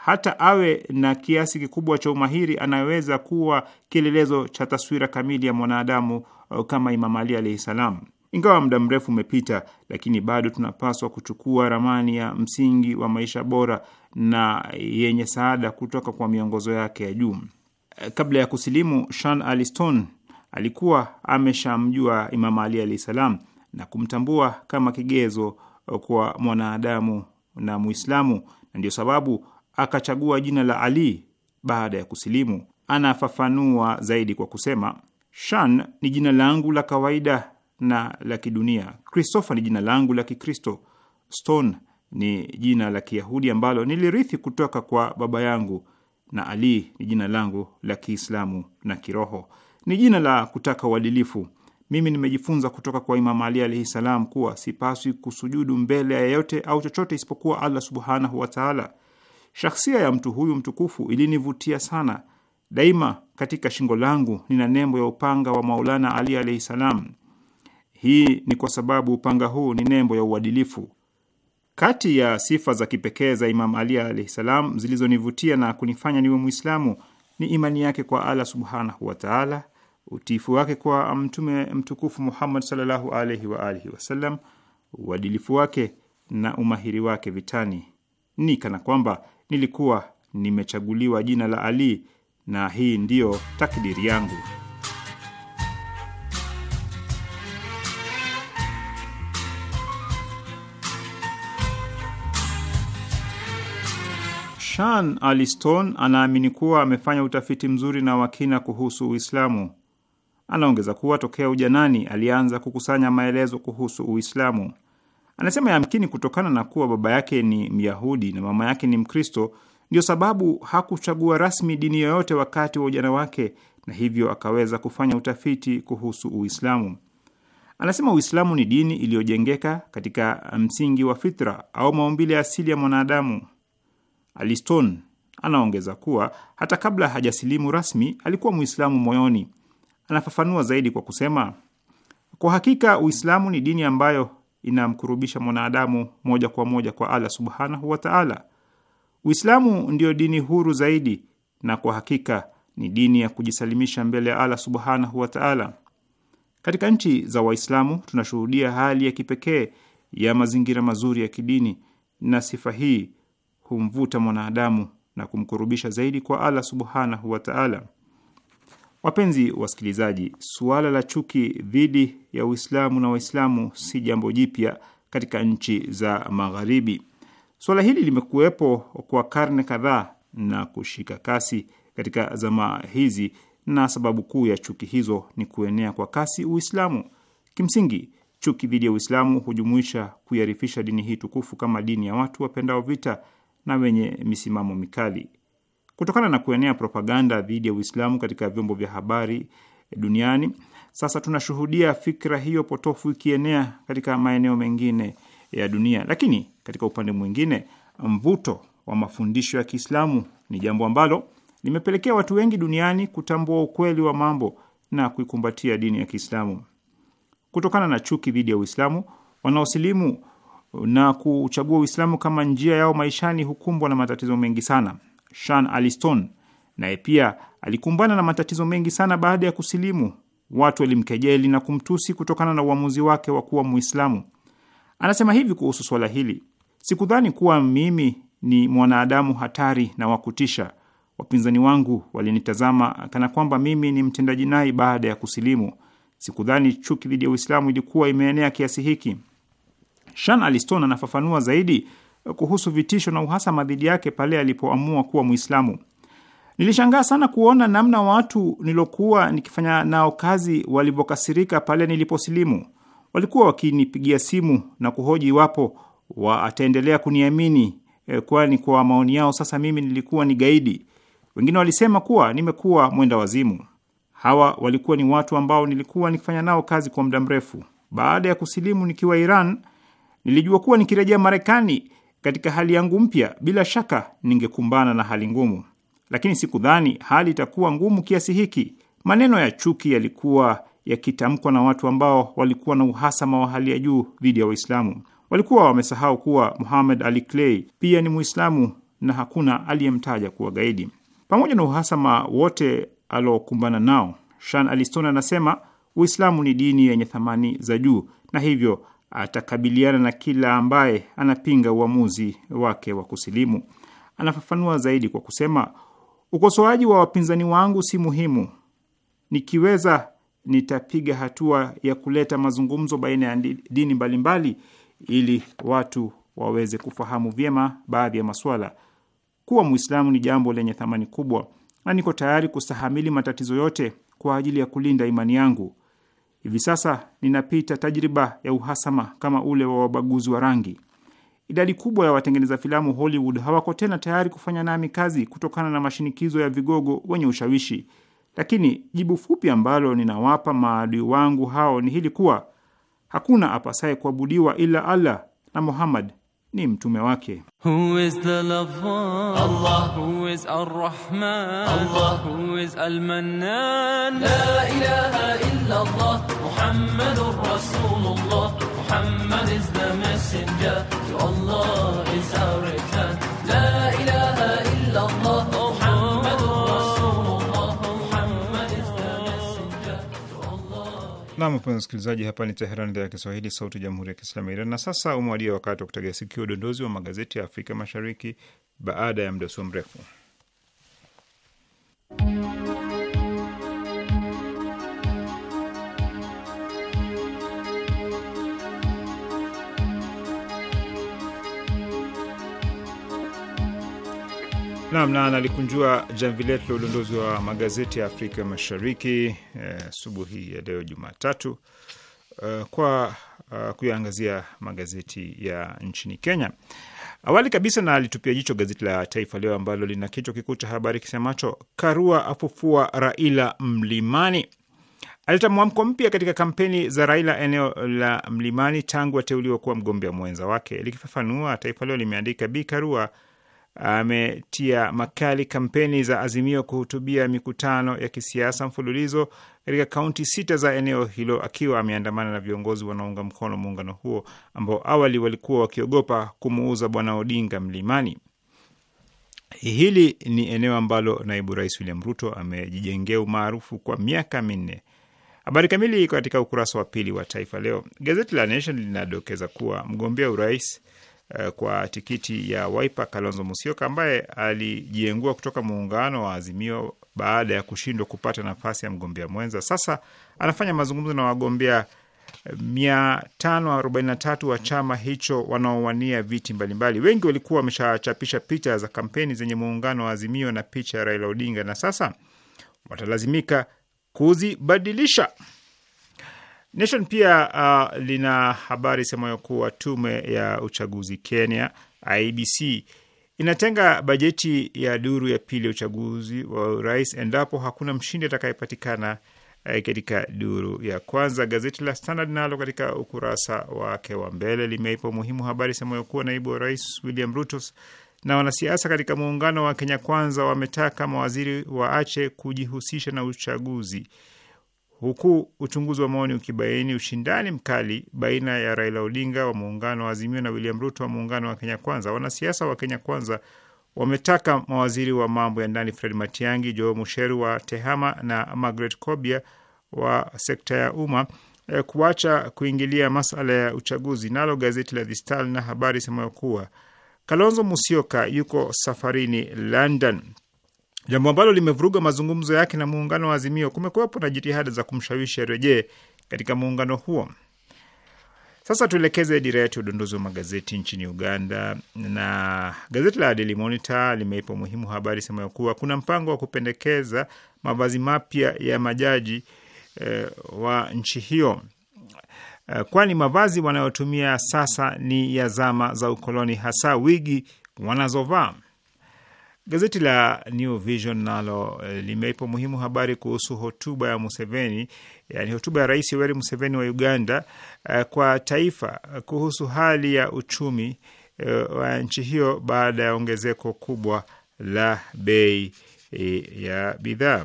hata awe na kiasi kikubwa cha umahiri, anaweza kuwa kielelezo cha taswira kamili ya mwanadamu uh, kama Imam Ali alaihi salam. Ingawa muda mrefu umepita, lakini bado tunapaswa kuchukua ramani ya msingi wa maisha bora na yenye saada kutoka kwa miongozo yake ya juu. Uh, kabla ya kusilimu, Shan Aliston alikuwa ameshamjua Imam Ali alaihi salam na kumtambua kama kigezo uh, kwa mwanadamu na Muislamu, na ndio sababu akachagua jina la Ali baada ya kusilimu. Anafafanua zaidi kwa kusema, Shan ni jina langu la kawaida na la kidunia. Christopher ni jina langu la Kikristo. Stone ni jina la Kiyahudi ambalo nilirithi kutoka kwa baba yangu, na Ali ni jina langu la Kiislamu na kiroho, ni jina la kutaka uadilifu. Mimi nimejifunza kutoka kwa Imam Ali alaihi salam kuwa sipaswi kusujudu mbele ya yeyote au chochote isipokuwa Allah subhanahu wataala. Shahsia ya mtu huyu mtukufu ilinivutia sana. Daima katika shingo langu nina nembo ya upanga wa Maulana Ali alaihi salam. Hii ni kwa sababu upanga huu ni nembo ya uadilifu. Kati ya sifa za kipekee za Imam Ali alaihi salam zilizonivutia na kunifanya niwe Mwislamu ni imani yake kwa Allah subhanahu wataala, utiifu wake kwa Mtume mtukufu Muhammad sallallahu alaihi wa alihi wasallam, uadilifu wake na umahiri wake vitani. Ni kana kwamba nilikuwa nimechaguliwa jina la Ali na hii ndiyo takdiri yangu. Shan aliston anaamini kuwa amefanya utafiti mzuri na wakina kuhusu Uislamu. Anaongeza kuwa tokea ujanani alianza kukusanya maelezo kuhusu Uislamu. Anasema yamkini kutokana na kuwa baba yake ni Myahudi na mama yake ni Mkristo, ndio sababu hakuchagua rasmi dini yoyote wakati wa ujana wake, na hivyo akaweza kufanya utafiti kuhusu Uislamu. Anasema Uislamu ni dini iliyojengeka katika msingi wa fitra au maumbile asili ya mwanadamu. Aliston anaongeza kuwa hata kabla hajasilimu rasmi alikuwa Mwislamu moyoni. Anafafanua zaidi kwa kusema, kwa hakika Uislamu ni dini ambayo inamkurubisha mwanadamu moja kwa moja kwa Allah subhanahu wa taala. Uislamu ndio dini huru zaidi na kwa hakika ni dini ya kujisalimisha mbele ya Allah subhanahu wa taala. Katika nchi za Waislamu tunashuhudia hali ya kipekee ya mazingira mazuri ya kidini, na sifa hii humvuta mwanadamu na kumkurubisha zaidi kwa Allah subhanahu wa taala. Wapenzi wasikilizaji, suala la chuki dhidi ya Uislamu na Waislamu si jambo jipya katika nchi za Magharibi. Suala hili limekuwepo kwa karne kadhaa na kushika kasi katika zama hizi, na sababu kuu ya chuki hizo ni kuenea kwa kasi Uislamu. Kimsingi, chuki dhidi ya Uislamu hujumuisha kuiarifisha dini hii tukufu kama dini ya watu wapendao vita na wenye misimamo mikali. Kutokana na kuenea propaganda dhidi ya Uislamu katika vyombo vya habari duniani, sasa tunashuhudia fikra hiyo potofu ikienea katika maeneo mengine ya dunia. Lakini katika upande mwingine, mvuto wa mafundisho ya Kiislamu ni jambo ambalo limepelekea watu wengi duniani kutambua ukweli wa mambo na kuikumbatia dini ya Kiislamu. Kutokana na chuki dhidi ya Uislamu, wanaosilimu na kuchagua Uislamu kama njia yao maishani hukumbwa na matatizo mengi sana. Sean Aliston naye pia alikumbana na matatizo mengi sana baada ya kusilimu. Watu walimkejeli na kumtusi kutokana na uamuzi wake wa kuwa Muislamu. Anasema hivi kuhusu swala hili: sikudhani kuwa mimi ni mwanadamu hatari na wa kutisha. Wapinzani wangu walinitazama kana kwamba mimi ni mtendaji nai baada ya kusilimu. Sikudhani chuki dhidi ya Uislamu ilikuwa imeenea kiasi hiki. Sean Aliston anafafanua zaidi kuhusu vitisho na uhasama dhidi yake pale alipoamua kuwa Mwislamu. Nilishangaa sana kuona namna watu nilokuwa nikifanya nao kazi walivyokasirika pale niliposilimu. Walikuwa wakinipigia simu na kuhoji iwapo wataendelea kuniamini, eh, kwani kwa maoni yao sasa mimi nilikuwa ni gaidi. Wengine walisema kuwa nimekuwa mwenda wazimu. Hawa walikuwa ni watu ambao nilikuwa nikifanya nao kazi kwa muda mrefu. Baada ya kusilimu nikiwa Iran, nilijua kuwa nikirejea Marekani katika hali yangu mpya, bila shaka ningekumbana na hali ngumu, lakini sikudhani hali itakuwa ngumu kiasi hiki. Maneno ya chuki yalikuwa yakitamkwa na watu ambao walikuwa na uhasama wa hali ya juu dhidi ya Waislamu. Walikuwa wamesahau kuwa Muhammad Ali Clay pia ni Muislamu na hakuna aliyemtaja kuwa gaidi. Pamoja na uhasama wote aliokumbana nao, Shan Alistone anasema Uislamu ni dini yenye thamani za juu na hivyo atakabiliana na kila ambaye anapinga uamuzi wake wa kusilimu. Anafafanua zaidi kwa kusema, ukosoaji wa wapinzani wangu si muhimu. Nikiweza nitapiga hatua ya kuleta mazungumzo baina ya dini mbalimbali ili watu waweze kufahamu vyema baadhi ya masuala. Kuwa Mwislamu ni jambo lenye thamani kubwa, na niko tayari kustahamili matatizo yote kwa ajili ya kulinda imani yangu. Hivi sasa ninapita tajriba ya uhasama kama ule wa wabaguzi wa rangi. Idadi kubwa ya watengeneza filamu Hollywood hawako tena tayari kufanya nami kazi kutokana na mashinikizo ya vigogo wenye ushawishi. Lakini jibu fupi ambalo ninawapa maadui wangu hao ni hili kuwa hakuna apasaye kuabudiwa ila Allah na Muhammad ni mtume wake. Who is the lover? Allah. Who is ar-Rahman? Allah. Who is al-Mannan? Allah. Muhammad is the messenger. Allah is our Nam mpenzi msikilizaji, hapa ni Teheran, idhaa ya Kiswahili, sauti ya jamhuri ya kiislamu ya Iran. Na sasa umewadia wakati wa kutegea sikio, udondozi wa magazeti ya Afrika Mashariki baada ya muda sio mrefu. Nam na nalikunjua jamvi letu la udondozi wa magazeti ya Afrika Mashariki asubuhi eh, e, ya leo Jumatatu eh, kwa uh, kuyaangazia magazeti ya nchini Kenya. Awali kabisa na alitupia jicho gazeti la Taifa Leo ambalo lina kichwa kikuu cha habari kisemacho Karua afufua Raila mlimani. Aleta mwamko mpya katika kampeni za Raila eneo la mlimani tangu ateuliwa kuwa mgombea mwenza wake. Likifafanua, Taifa Leo limeandika Bi Karua ametia makali kampeni za Azimio kuhutubia mikutano ya kisiasa mfululizo katika kaunti sita za eneo hilo, akiwa ameandamana na viongozi wanaunga mkono muungano huo ambao awali walikuwa wakiogopa kumuuza Bwana Odinga mlimani. Hili ni eneo ambalo naibu rais William Ruto amejijengea umaarufu kwa miaka minne. Habari kamili iko katika ukurasa wa pili wa Taifa Leo. Gazeti la Nation linadokeza kuwa mgombea urais Eh, kwa tikiti ya Wiper Kalonzo Musyoka ambaye alijiengua kutoka muungano wa Azimio baada ya kushindwa kupata nafasi ya mgombea mwenza. Sasa anafanya mazungumzo na wagombea 543 eh, wa chama hicho wanaowania viti mbalimbali. Wengi walikuwa wameshachapisha picha za kampeni zenye muungano wa Azimio na picha ya Raila Odinga, na sasa watalazimika kuzibadilisha. Nation pia uh, lina habari semayo kuwa tume ya uchaguzi Kenya IBC e inatenga bajeti ya duru ya pili ya uchaguzi wa urais endapo hakuna mshindi atakayepatikana uh, katika duru ya kwanza. Gazeti la Standard nalo katika ukurasa wake wa mbele limeipa umuhimu habari semayo kuwa naibu wa rais William Ruto na wanasiasa katika muungano wa Kenya Kwanza wametaka mawaziri waache kujihusisha na uchaguzi huku uchunguzi wa maoni ukibaini ushindani mkali baina ya Raila Odinga wa muungano wa Azimio na William Ruto wa muungano wa Kenya Kwanza. Wanasiasa wa Kenya Kwanza wametaka mawaziri wa mambo ya ndani Fred Matiang'i, Joe Musheru wa TEHAMA na Margaret Kobia wa sekta ya umma eh, kuacha kuingilia masala ya uchaguzi. Nalo gazeti la The Star habari semayo kuwa Kalonzo Musyoka yuko safarini London jambo ambalo limevuruga mazungumzo yake na muungano wa Azimio. Kumekuwepo na jitihada za kumshawishi arejee katika muungano huo. Sasa tuelekeze dira yetu ya udondozi wa magazeti nchini Uganda, na gazeti la Daily Monitor limeipa umuhimu habari ya kuwa kuna mpango wa kupendekeza mavazi mapya ya majaji eh, wa nchi hiyo eh, kwani mavazi wanayotumia sasa ni ya zama za ukoloni, hasa wigi wanazovaa. Gazeti la New Vision nalo eh, limeipa muhimu habari kuhusu hotuba ya Museveni, yani hotuba ya Rais Yoweri Museveni wa Uganda eh, kwa taifa kuhusu hali ya uchumi eh, wa nchi hiyo baada ya ongezeko kubwa la bei ya bidhaa.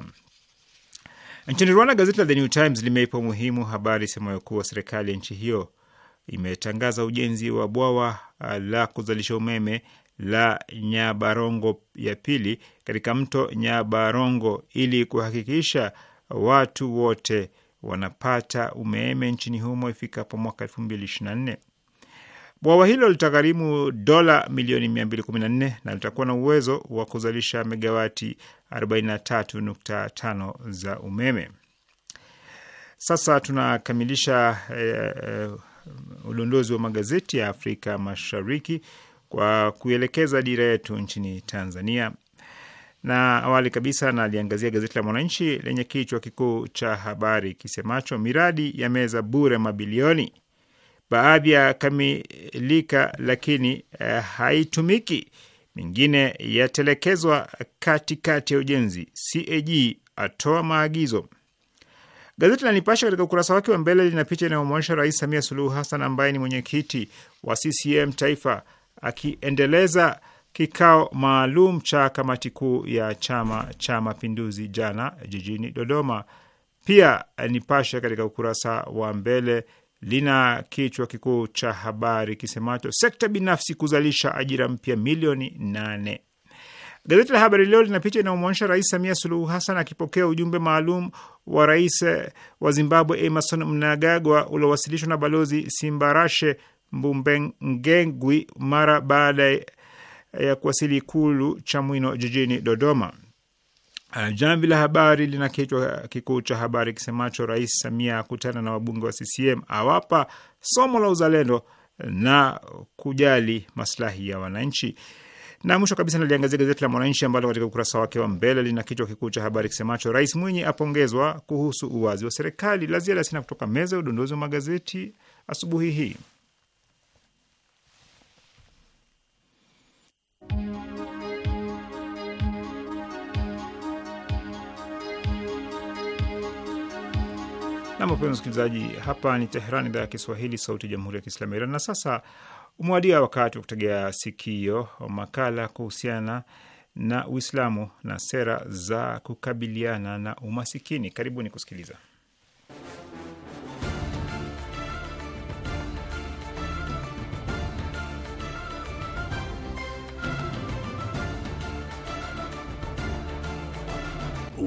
Nchini Rwanda, gazeti la The New Times limeipa umuhimu habari semayo kuwa serikali ya nchi hiyo imetangaza ujenzi wa bwawa la kuzalisha umeme la Nyabarongo ya pili katika mto Nyabarongo ili kuhakikisha watu wote wanapata umeme nchini humo ifikapo mwaka 2024. Bwawa hilo litagharimu dola milioni 214 na litakuwa na uwezo wa kuzalisha megawati 43.5 za umeme. Sasa tunakamilisha eh, eh, udondozi wa magazeti ya Afrika Mashariki kwa kuielekeza dira yetu nchini Tanzania. Na awali kabisa naliangazia gazeti la Mwananchi lenye kichwa kikuu cha habari kisemacho miradi ya meza bure mabilioni, baadhi ya kamilika lakini eh, haitumiki, mingine yatelekezwa katikati ya ujenzi, CAG atoa maagizo. Gazeti la Nipashe katika ukurasa wake wa mbele lina picha inayomwonyesha Rais Samia Suluhu Hassan ambaye ni mwenyekiti wa CCM taifa akiendeleza kikao maalum cha kamati kuu ya Chama cha Mapinduzi jana jijini Dodoma. Pia Nipashe katika ukurasa wa mbele lina kichwa kikuu cha habari kisemacho sekta binafsi kuzalisha ajira mpya milioni nane. Gazeti la Habari Leo lina picha inayomwonyesha Rais Samia Suluhu Hassan akipokea ujumbe maalum wa rais wa Zimbabwe Emerson Mnangagwa uliowasilishwa na Balozi Simbarashe Mbumbengengwi mara baada ya kuwasili Ikulu Chamwino jijini Dodoma. Ah, jamvi la Habari lina kichwa kikuu cha habari kisemacho Rais Samia akutana na wabunge wa CCM awapa somo la uzalendo na kujali maslahi ya wananchi. Na mwisho kabisa naliangazia gazeti la Mwananchi ambalo katika ukurasa wake wa mbele lina kichwa kikuu cha habari kisemacho Rais Mwinyi apongezwa kuhusu uwazi wa serikali. La ziada sina kutoka meza ya udondozi wa magazeti asubuhi hii. Nam, wapenzi msikilizaji, hapa ni Teheran, idhaa ya Kiswahili, sauti ya jamhuri ya kiislamu ya Iran. Na sasa umewadia wakati wa kutegea sikio makala kuhusiana na Uislamu na sera za kukabiliana na umasikini. Karibuni kusikiliza.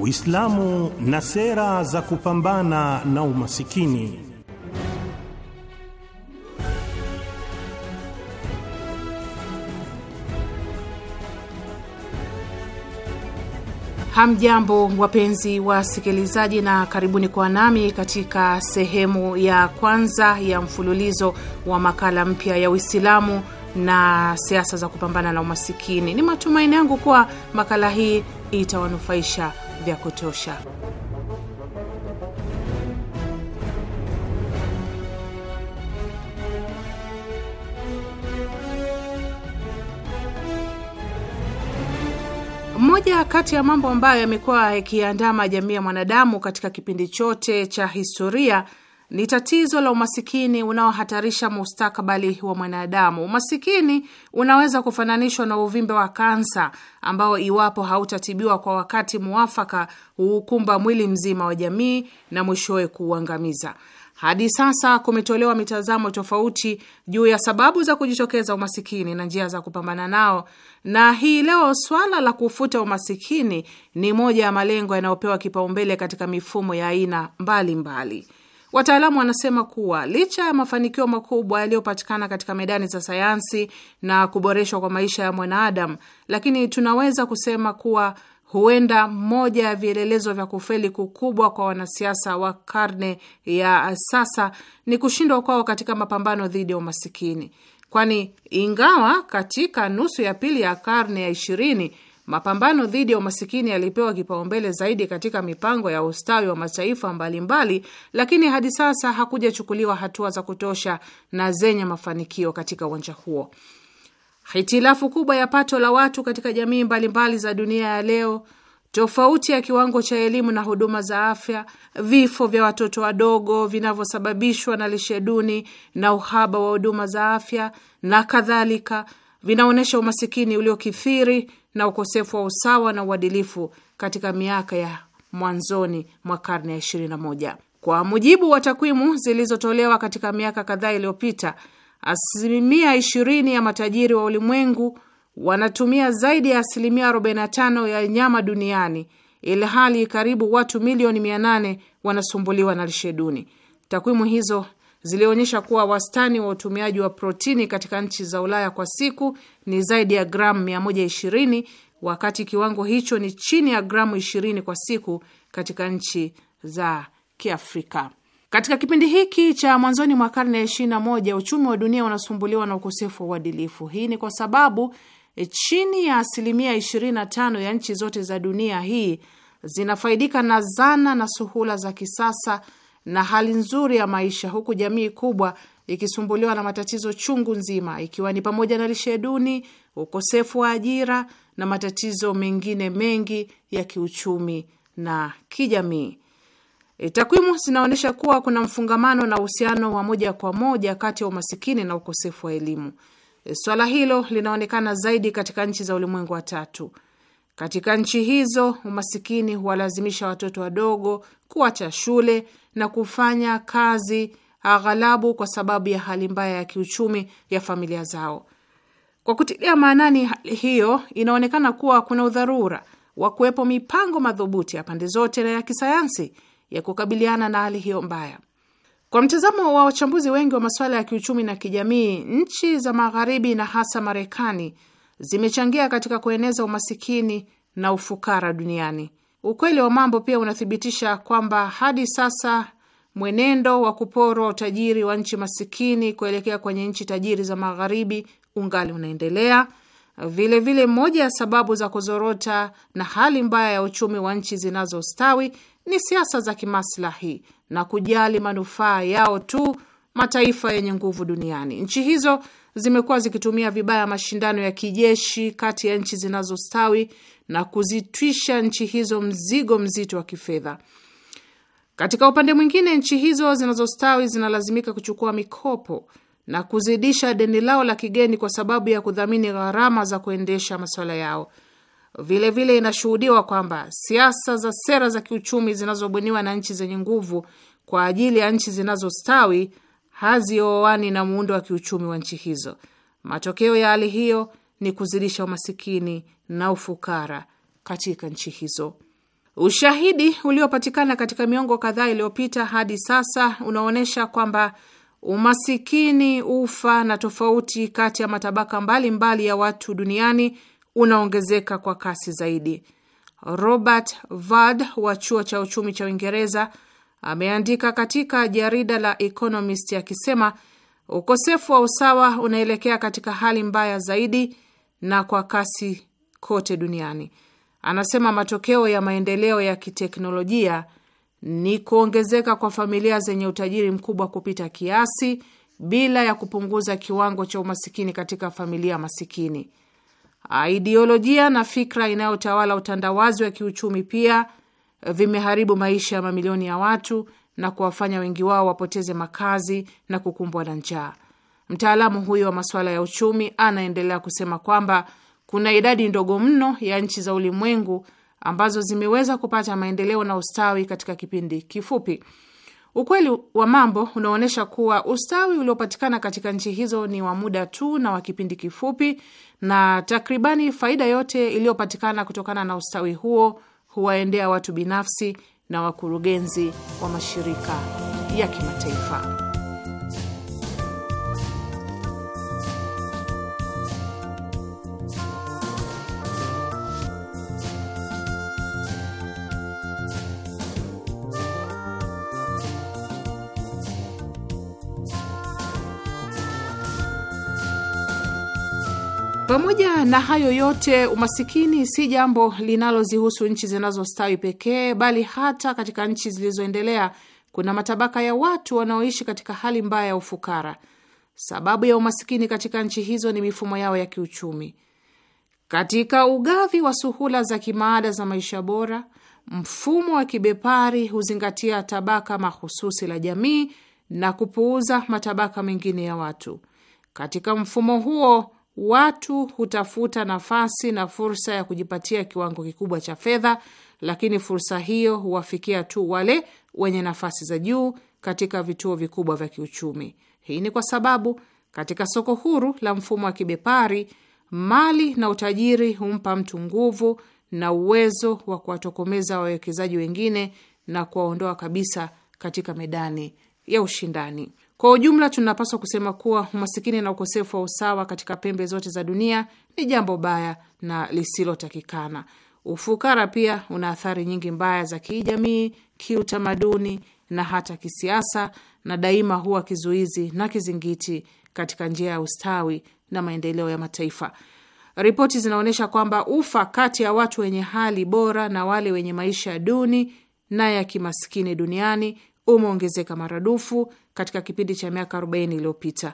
Uislamu na sera za kupambana na umasikini. Hamjambo, wapenzi wasikilizaji, na karibuni kwa nami katika sehemu ya kwanza ya mfululizo wa makala mpya ya Uislamu na siasa za kupambana na umasikini. Ni matumaini yangu kuwa makala hii itawanufaisha vya kutosha. Moja kati ya mambo ambayo yamekuwa yakiandama jamii ya mwanadamu katika kipindi chote cha historia ni tatizo la umasikini unaohatarisha mustakabali wa mwanadamu. Umasikini unaweza kufananishwa na uvimbe wa kansa ambao, iwapo hautatibiwa kwa wakati muafaka, huukumba mwili mzima wa jamii na mwishowe kuuangamiza. Hadi sasa kumetolewa mitazamo tofauti juu ya sababu za kujitokeza umasikini na njia za kupambana nao, na hii leo swala la kufuta umasikini ni moja ya malengo yanayopewa kipaumbele katika mifumo ya aina mbalimbali mbali. Wataalamu wanasema kuwa licha ya mafanikio makubwa yaliyopatikana katika medani za sayansi na kuboreshwa kwa maisha ya mwanadamu, lakini tunaweza kusema kuwa huenda moja ya vielelezo vya kufeli kukubwa kwa wanasiasa wa karne ya sasa ni kushindwa kwao katika mapambano dhidi ya umasikini, kwani ingawa katika nusu ya pili ya karne ya ishirini Mapambano dhidi ya umasikini yalipewa kipaumbele zaidi katika mipango ya ustawi wa mataifa mbalimbali, lakini hadi sasa hakujachukuliwa hatua za kutosha na zenye mafanikio katika uwanja huo. Hitilafu kubwa ya pato la watu katika jamii mbalimbali za dunia ya leo, tofauti ya kiwango cha elimu na huduma za afya, vifo vya watoto wadogo vinavyosababishwa na lishe duni na uhaba wa huduma za afya na kadhalika vinaonyesha umasikini uliokithiri na ukosefu wa usawa na uadilifu katika miaka ya mwanzoni mwa karne ya 21. Kwa mujibu wa takwimu zilizotolewa katika miaka kadhaa iliyopita, asilimia 20 ya matajiri wa ulimwengu wanatumia zaidi ya asilimia 45 ya nyama duniani, ilhali karibu watu milioni 800 wanasumbuliwa na lishe duni. Takwimu hizo zilionyesha kuwa wastani wa utumiaji wa protini katika nchi za Ulaya kwa siku ni zaidi ya gramu 120 wakati kiwango hicho ni chini ya gramu 20 kwa siku katika nchi za Kiafrika. Katika kipindi hiki cha mwanzoni mwa karne ya 21 uchumi wa dunia unasumbuliwa na ukosefu wa uadilifu. Hii ni kwa sababu eh, chini ya asilimia 25 ya nchi zote za dunia hii zinafaidika na zana na suhula za kisasa na hali nzuri ya maisha, huku jamii kubwa ikisumbuliwa na matatizo chungu nzima, ikiwa ni pamoja na lishe duni, ukosefu wa ajira na matatizo mengine mengi ya kiuchumi na kijamii. E, takwimu zinaonyesha kuwa kuna mfungamano na uhusiano wa moja kwa moja kati ya umasikini na ukosefu wa elimu. E, swala hilo linaonekana zaidi katika nchi za ulimwengu wa tatu. Katika nchi hizo umasikini huwalazimisha watoto wadogo kuacha shule na kufanya kazi aghalabu kwa sababu ya hali mbaya ya kiuchumi ya familia zao. Kwa kutilia maanani hali hiyo, inaonekana kuwa kuna udharura wa kuwepo mipango madhubuti ya pande zote na ya kisayansi ya kukabiliana na hali hiyo mbaya. Kwa mtazamo wa wachambuzi wengi wa masuala ya kiuchumi na kijamii, nchi za Magharibi na hasa Marekani zimechangia katika kueneza umasikini na ufukara duniani. Ukweli wa mambo pia unathibitisha kwamba hadi sasa mwenendo wa kuporwa utajiri wa nchi masikini kuelekea kwenye nchi tajiri za magharibi ungali unaendelea. Vilevile vile, moja ya sababu za kuzorota na hali mbaya ya uchumi wa nchi zinazostawi ni siasa za kimaslahi na kujali manufaa yao tu mataifa yenye nguvu duniani. Nchi hizo zimekuwa zikitumia vibaya mashindano ya kijeshi kati ya nchi zinazostawi na kuzitwisha nchi hizo mzigo mzito wa kifedha. Katika upande mwingine, nchi hizo zinazostawi zinalazimika kuchukua mikopo na kuzidisha deni lao la kigeni kwa sababu ya kudhamini gharama za kuendesha masuala yao. Vilevile vile inashuhudiwa kwamba siasa za sera za kiuchumi zinazobuniwa na nchi zenye nguvu kwa ajili ya nchi zinazostawi hazioani na muundo wa kiuchumi wa nchi hizo. Matokeo ya hali hiyo ni kuzidisha umasikini na ufukara katika nchi hizo. Ushahidi uliopatikana katika miongo kadhaa iliyopita hadi sasa unaonyesha kwamba umasikini, ufa na tofauti kati ya matabaka mbalimbali mbali ya watu duniani unaongezeka kwa kasi zaidi. Robert Vad wa chuo cha uchumi cha Uingereza ameandika katika jarida la Economist akisema ukosefu wa usawa unaelekea katika hali mbaya zaidi na kwa kasi kote duniani. Anasema matokeo ya maendeleo ya kiteknolojia ni kuongezeka kwa familia zenye utajiri mkubwa kupita kiasi bila ya kupunguza kiwango cha umasikini katika familia masikini. Aidiolojia na fikra inayotawala utandawazi wa kiuchumi pia vimeharibu maisha ya mamilioni ya watu na kuwafanya wengi wao wapoteze makazi na kukumbwa na njaa. Mtaalamu huyo wa masuala ya uchumi anaendelea kusema kwamba kuna idadi ndogo mno ya nchi za ulimwengu ambazo zimeweza kupata maendeleo na ustawi katika kipindi kifupi. Ukweli wa mambo unaonyesha kuwa ustawi uliopatikana katika nchi hizo ni wa muda tu na wa kipindi kifupi, na takribani faida yote iliyopatikana kutokana na ustawi huo huwaendea watu binafsi na wakurugenzi wa mashirika ya kimataifa. Pamoja na hayo yote, umasikini si jambo linalozihusu nchi zinazostawi pekee, bali hata katika nchi zilizoendelea kuna matabaka ya watu wanaoishi katika hali mbaya ya ufukara. Sababu ya umasikini katika nchi hizo ni mifumo yao ya kiuchumi. Katika ugavi wa suhula za kimaada za maisha bora, mfumo wa kibepari huzingatia tabaka mahususi la jamii na kupuuza matabaka mengine ya watu. Katika mfumo huo watu hutafuta nafasi na fursa ya kujipatia kiwango kikubwa cha fedha, lakini fursa hiyo huwafikia tu wale wenye nafasi za juu katika vituo vikubwa vya kiuchumi. Hii ni kwa sababu katika soko huru la mfumo wa kibepari, mali na utajiri humpa mtu nguvu na uwezo wa kuwatokomeza wawekezaji wengine na kuwaondoa kabisa katika medani ya ushindani. Kwa ujumla, tunapaswa kusema kuwa umasikini na ukosefu wa usawa katika pembe zote za dunia ni jambo baya na lisilotakikana. Ufukara pia una athari nyingi mbaya za kijamii, kiutamaduni na hata kisiasa, na daima huwa kizuizi na kizingiti katika njia ya ustawi na maendeleo ya mataifa. Ripoti zinaonyesha kwamba ufa kati ya watu wenye hali bora na wale wenye maisha duni na ya kimaskini duniani umeongezeka maradufu katika kipindi cha miaka 40 iliyopita.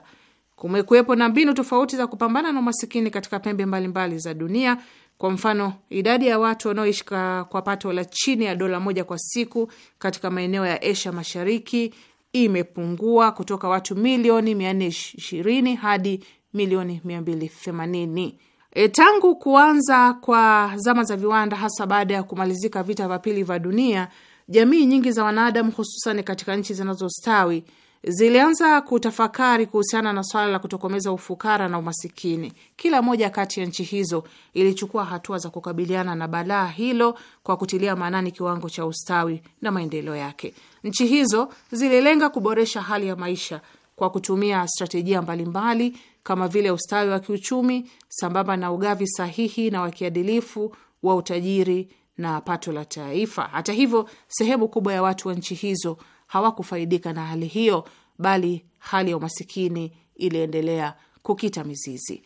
Kumekuwepo na mbinu tofauti za kupambana na umasikini katika pembe mbalimbali mbali za dunia. Kwa mfano, idadi ya watu wanaoishi kwa pato la chini ya dola moja kwa siku katika maeneo ya Asia Mashariki imepungua kutoka watu milioni 420 hadi milioni 280. E, tangu kuanza kwa zama za viwanda, hasa baada ya kumalizika vita vya pili vya dunia, jamii nyingi za wanadamu, hususan katika nchi zinazostawi zilianza kutafakari kuhusiana na swala la kutokomeza ufukara na umasikini. Kila moja kati ya nchi hizo ilichukua hatua za kukabiliana na balaa hilo kwa kutilia maanani kiwango cha ustawi na maendeleo yake. Nchi hizo zililenga kuboresha hali ya maisha kwa kutumia strategia mbalimbali kama vile ustawi wa kiuchumi sambamba na ugavi sahihi na wa kiadilifu wa utajiri na pato la taifa. Hata hivyo, sehemu kubwa ya watu wa nchi hizo hawakufaidika na hali hiyo, bali hali ya umasikini iliendelea kukita mizizi.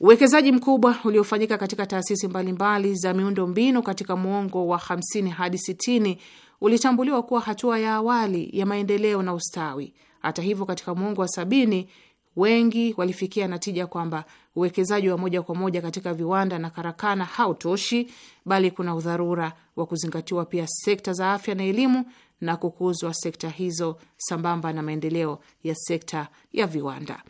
Uwekezaji mkubwa uliofanyika katika taasisi mbalimbali za miundo mbinu katika muongo wa 50 hadi 60 ulitambuliwa kuwa hatua ya awali ya maendeleo na ustawi. Hata hivyo, katika muongo wa sabini wengi walifikia natija kwamba uwekezaji wa moja kwa moja katika viwanda na karakana hautoshi, bali kuna udharura wa kuzingatiwa pia sekta za afya na elimu na kukuzwa sekta hizo sambamba na maendeleo ya sekta ya viwanda.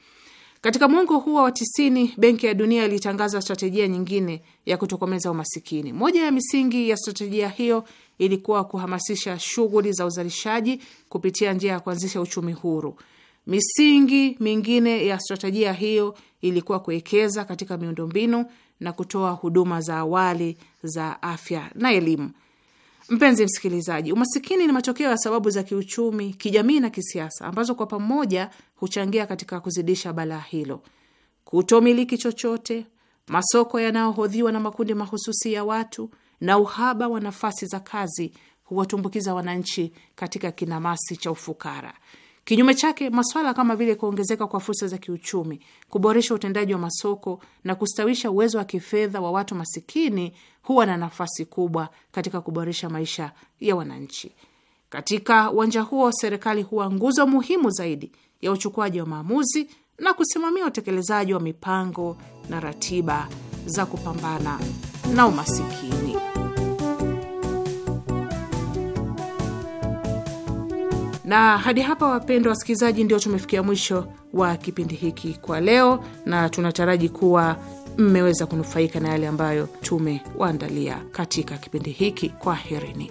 Katika mwongo huo wa tisini, Benki ya Dunia ilitangaza strategia nyingine ya kutokomeza umasikini. Moja ya misingi ya strategia hiyo ilikuwa kuhamasisha shughuli za uzalishaji kupitia njia ya kuanzisha uchumi huru. Misingi mingine ya strategia hiyo ilikuwa kuwekeza katika miundombinu na kutoa huduma za awali za afya na elimu. Mpenzi msikilizaji, umasikini ni matokeo ya sababu za kiuchumi, kijamii na kisiasa ambazo kwa pamoja huchangia katika kuzidisha balaa hilo: kutomiliki chochote, masoko yanayohodhiwa na makundi mahususi ya watu na uhaba wa nafasi za kazi huwatumbukiza wananchi katika kinamasi cha ufukara. Kinyume chake, maswala kama vile kuongezeka kwa fursa za kiuchumi, kuboresha utendaji wa masoko na kustawisha uwezo wa kifedha wa watu masikini huwa na nafasi kubwa katika kuboresha maisha ya wananchi. Katika uwanja huo, serikali huwa nguzo muhimu zaidi ya uchukuaji wa maamuzi na kusimamia utekelezaji wa mipango na ratiba za kupambana na umasikini. Na hadi hapa, wapendwa wasikilizaji, ndio tumefikia mwisho wa kipindi hiki kwa leo, na tunataraji kuwa mmeweza kunufaika na yale ambayo tumewaandalia katika kipindi hiki. Kwaherini.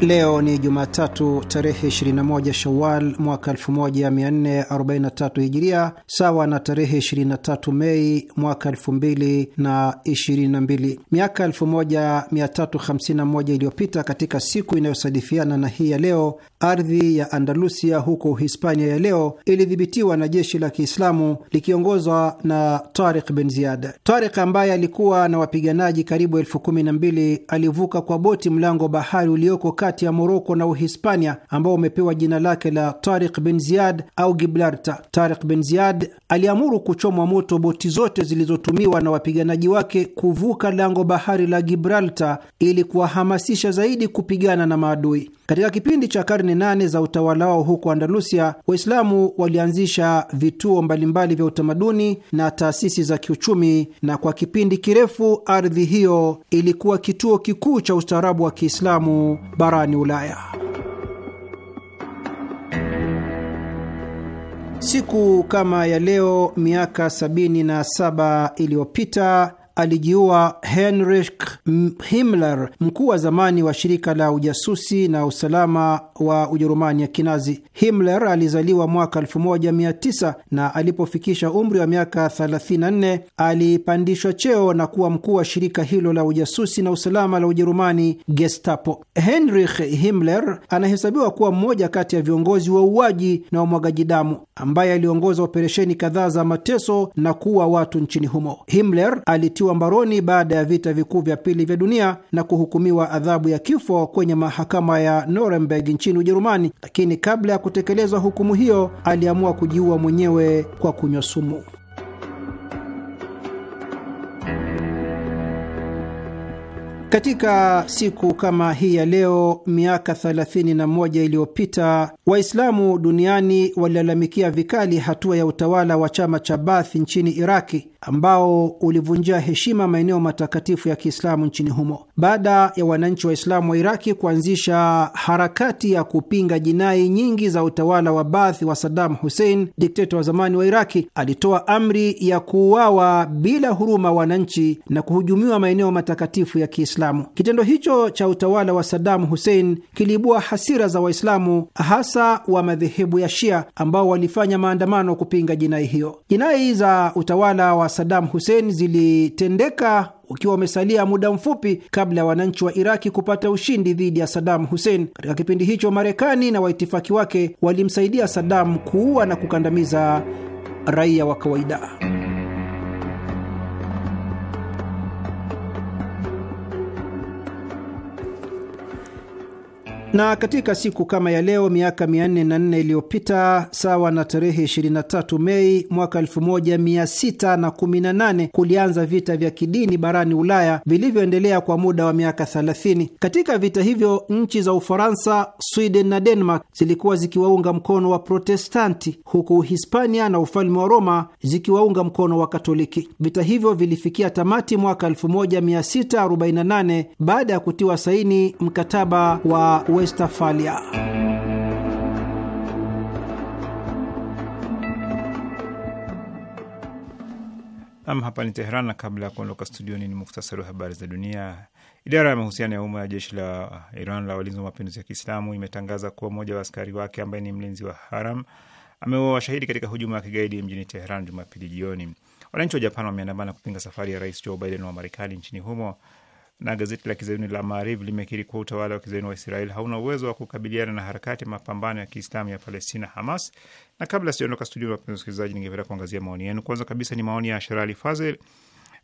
Leo ni Jumatatu tarehe 21 Shawal mwaka 1443 Hijiria, sawa na tarehe 23 Mei mwaka 2022. Miaka 1351 iliyopita, katika siku inayosadifiana na hii ya leo, ardhi ya Andalusia huko Uhispania ya leo ilidhibitiwa na jeshi la Kiislamu likiongozwa na Tariq bin Ziyad. Tariq ambaye alikuwa na wapiganaji karibu elfu kumi na mbili alivuka kwa boti mlango bahari ulioko kati ya Moroko na Uhispania ambao umepewa jina lake la Tariq bin Ziyad au Gibraltar. Tariq bin Ziyad aliamuru kuchomwa moto boti zote zilizotumiwa na wapiganaji wake kuvuka lango bahari la Gibraltar ili kuwahamasisha zaidi kupigana na maadui. Katika kipindi cha karne nane za utawala wao huko Andalusia, Waislamu walianzisha vituo mbalimbali vya utamaduni na taasisi za kiuchumi, na kwa kipindi kirefu ardhi hiyo ilikuwa kituo kikuu cha ustaarabu wa Kiislamu bara barani Ulaya. Siku kama ya leo miaka 77 iliyopita alijiua Heinrich Himmler, mkuu wa zamani wa shirika la ujasusi na usalama wa Ujerumani ya Kinazi. Himmler alizaliwa mwaka 1900 na alipofikisha umri wa miaka 34 alipandishwa cheo na kuwa mkuu wa shirika hilo la ujasusi na usalama la Ujerumani, Gestapo. Heinrich Himmler anahesabiwa kuwa mmoja kati ya viongozi wa uaji na umwagaji damu ambaye aliongoza operesheni kadhaa za mateso na kuua watu nchini humo. Himmler alitiwa mbaroni baada ya vita vikuu vya pili vya dunia na kuhukumiwa adhabu ya kifo kwenye mahakama ya Nuremberg nchini nchini Ujerumani, lakini kabla ya kutekelezwa hukumu hiyo aliamua kujiua mwenyewe kwa kunywa sumu. Katika siku kama hii ya leo miaka 31 iliyopita Waislamu duniani walilalamikia vikali hatua ya utawala wa chama cha Baath nchini Iraki ambao ulivunjia heshima maeneo matakatifu ya Kiislamu nchini humo. Baada ya wananchi Waislamu wa Iraki kuanzisha harakati ya kupinga jinai nyingi za utawala wa Baath wa Saddam Hussein, dikteta wa zamani wa Iraki, alitoa amri ya kuuawa bila huruma wananchi na kuhujumiwa maeneo matakatifu ya Kiislamu. Kitendo hicho cha utawala wa Saddam Hussein kiliibua hasira za Waislamu, hasa wa madhehebu ya Shia ambao walifanya maandamano kupinga jinai hiyo. Jinai za utawala wa sadam Saddam Hussein zilitendeka ukiwa umesalia muda mfupi kabla ya wananchi wa Iraki kupata ushindi dhidi ya Saddam Hussein. Katika kipindi hicho, Marekani na waitifaki wake walimsaidia Saddam kuua na kukandamiza raia wa kawaida. Na katika siku kama ya leo miaka 404 iliyopita, sawa na tarehe 23 Mei mwaka 1618, kulianza vita vya kidini barani Ulaya vilivyoendelea kwa muda wa miaka 30. Katika vita hivyo nchi za Ufaransa, Sweden na Denmark zilikuwa zikiwaunga mkono wa Protestanti, huku Hispania na ufalme wa Roma zikiwaunga mkono wa Katoliki. Vita hivyo vilifikia tamati mwaka 1648 baada ya kutiwa saini mkataba wa Westphalia. Nam, hapa ni Teheran, na kabla ya kuondoka studioni ni muktasari wa habari za dunia. Idara ya mahusiano ya umma ya jeshi la Iran la walinzi wa mapinduzi ya Kiislamu imetangaza kuwa mmoja wa askari wake ambaye ni mlinzi wa haram ameua washahidi katika hujuma ya kigaidi mjini Teheran Jumapili jioni. Wananchi wa Japan wameandamana kupinga safari ya rais Joe Biden wa Marekani nchini humo na gazeti la kizayuni la Maariv limekiri kuwa utawala wa kizayuni wa Israel hauna uwezo wa kukabiliana na harakati ya mapambano ya kiislamu ya Palestina, Hamas. Na kabla sijaondoka studio, wapenzi wasikilizaji, ningependa kuangazia maoni yenu. Kwanza kabisa ni maoni ya Sherali Fazel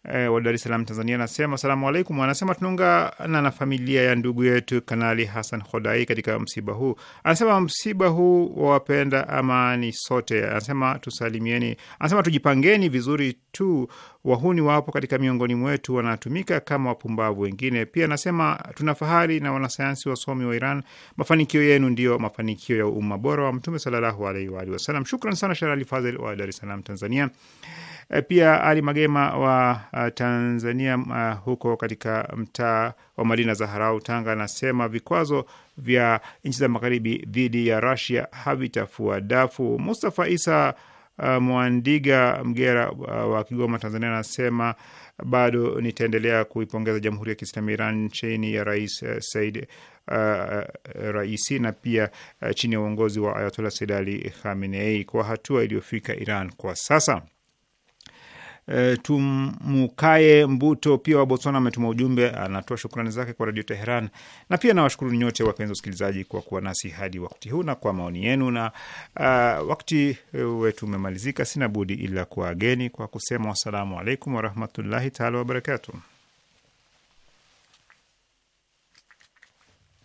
e, wa Dar es Salaam Tanzania anasema asalamu alaikum. Anasema tunaungana na familia ya ndugu yetu Kanali Hassan Khodai katika msiba huu. Anasema msiba huu wawapenda amani sote. Anasema tusalimieni, anasema tujipangeni vizuri tu, wahuni wapo katika miongoni mwetu, wanatumika kama wapumbavu wengine. Pia anasema tuna fahari na wanasayansi wasomi wa Iran. Mafanikio yenu ndiyo mafanikio ya umma bora wa Mtume sallallahu alaihi wa alihi wasallam. Shukran sana Sharali Fadhel wa Dar es Salaam Tanzania. Eh, pia Ali Magema wa Ah, Tanzania uh, huko katika mtaa wa Madina Zaharau Tanga, anasema vikwazo vya nchi za magharibi dhidi ya Russia havitafua dafu. Mustafa Isa uh, Mwandiga Mgera uh, wa Kigoma, Tanzania, anasema bado nitaendelea kuipongeza Jamhuri ya Kiislamu ya Iran chini ya Rais uh, Said uh, Raisi na pia uh, chini ya uongozi wa Ayatollah Said Ali Khamenei kwa hatua iliyofika Iran kwa sasa e, eh, Tumukae Mbuto pia wa Botswana ametuma ujumbe, anatoa shukrani zake kwa Radio Teheran. Na pia nawashukuru nyote wapenzi wasikilizaji kwa kuwa nasi hadi wakati huu na kwa maoni yenu. Na uh, wakati eh, wetu umemalizika, sina budi ila kuageni kwa kusema wassalamu alaikum warahmatullahi taala wabarakatuh.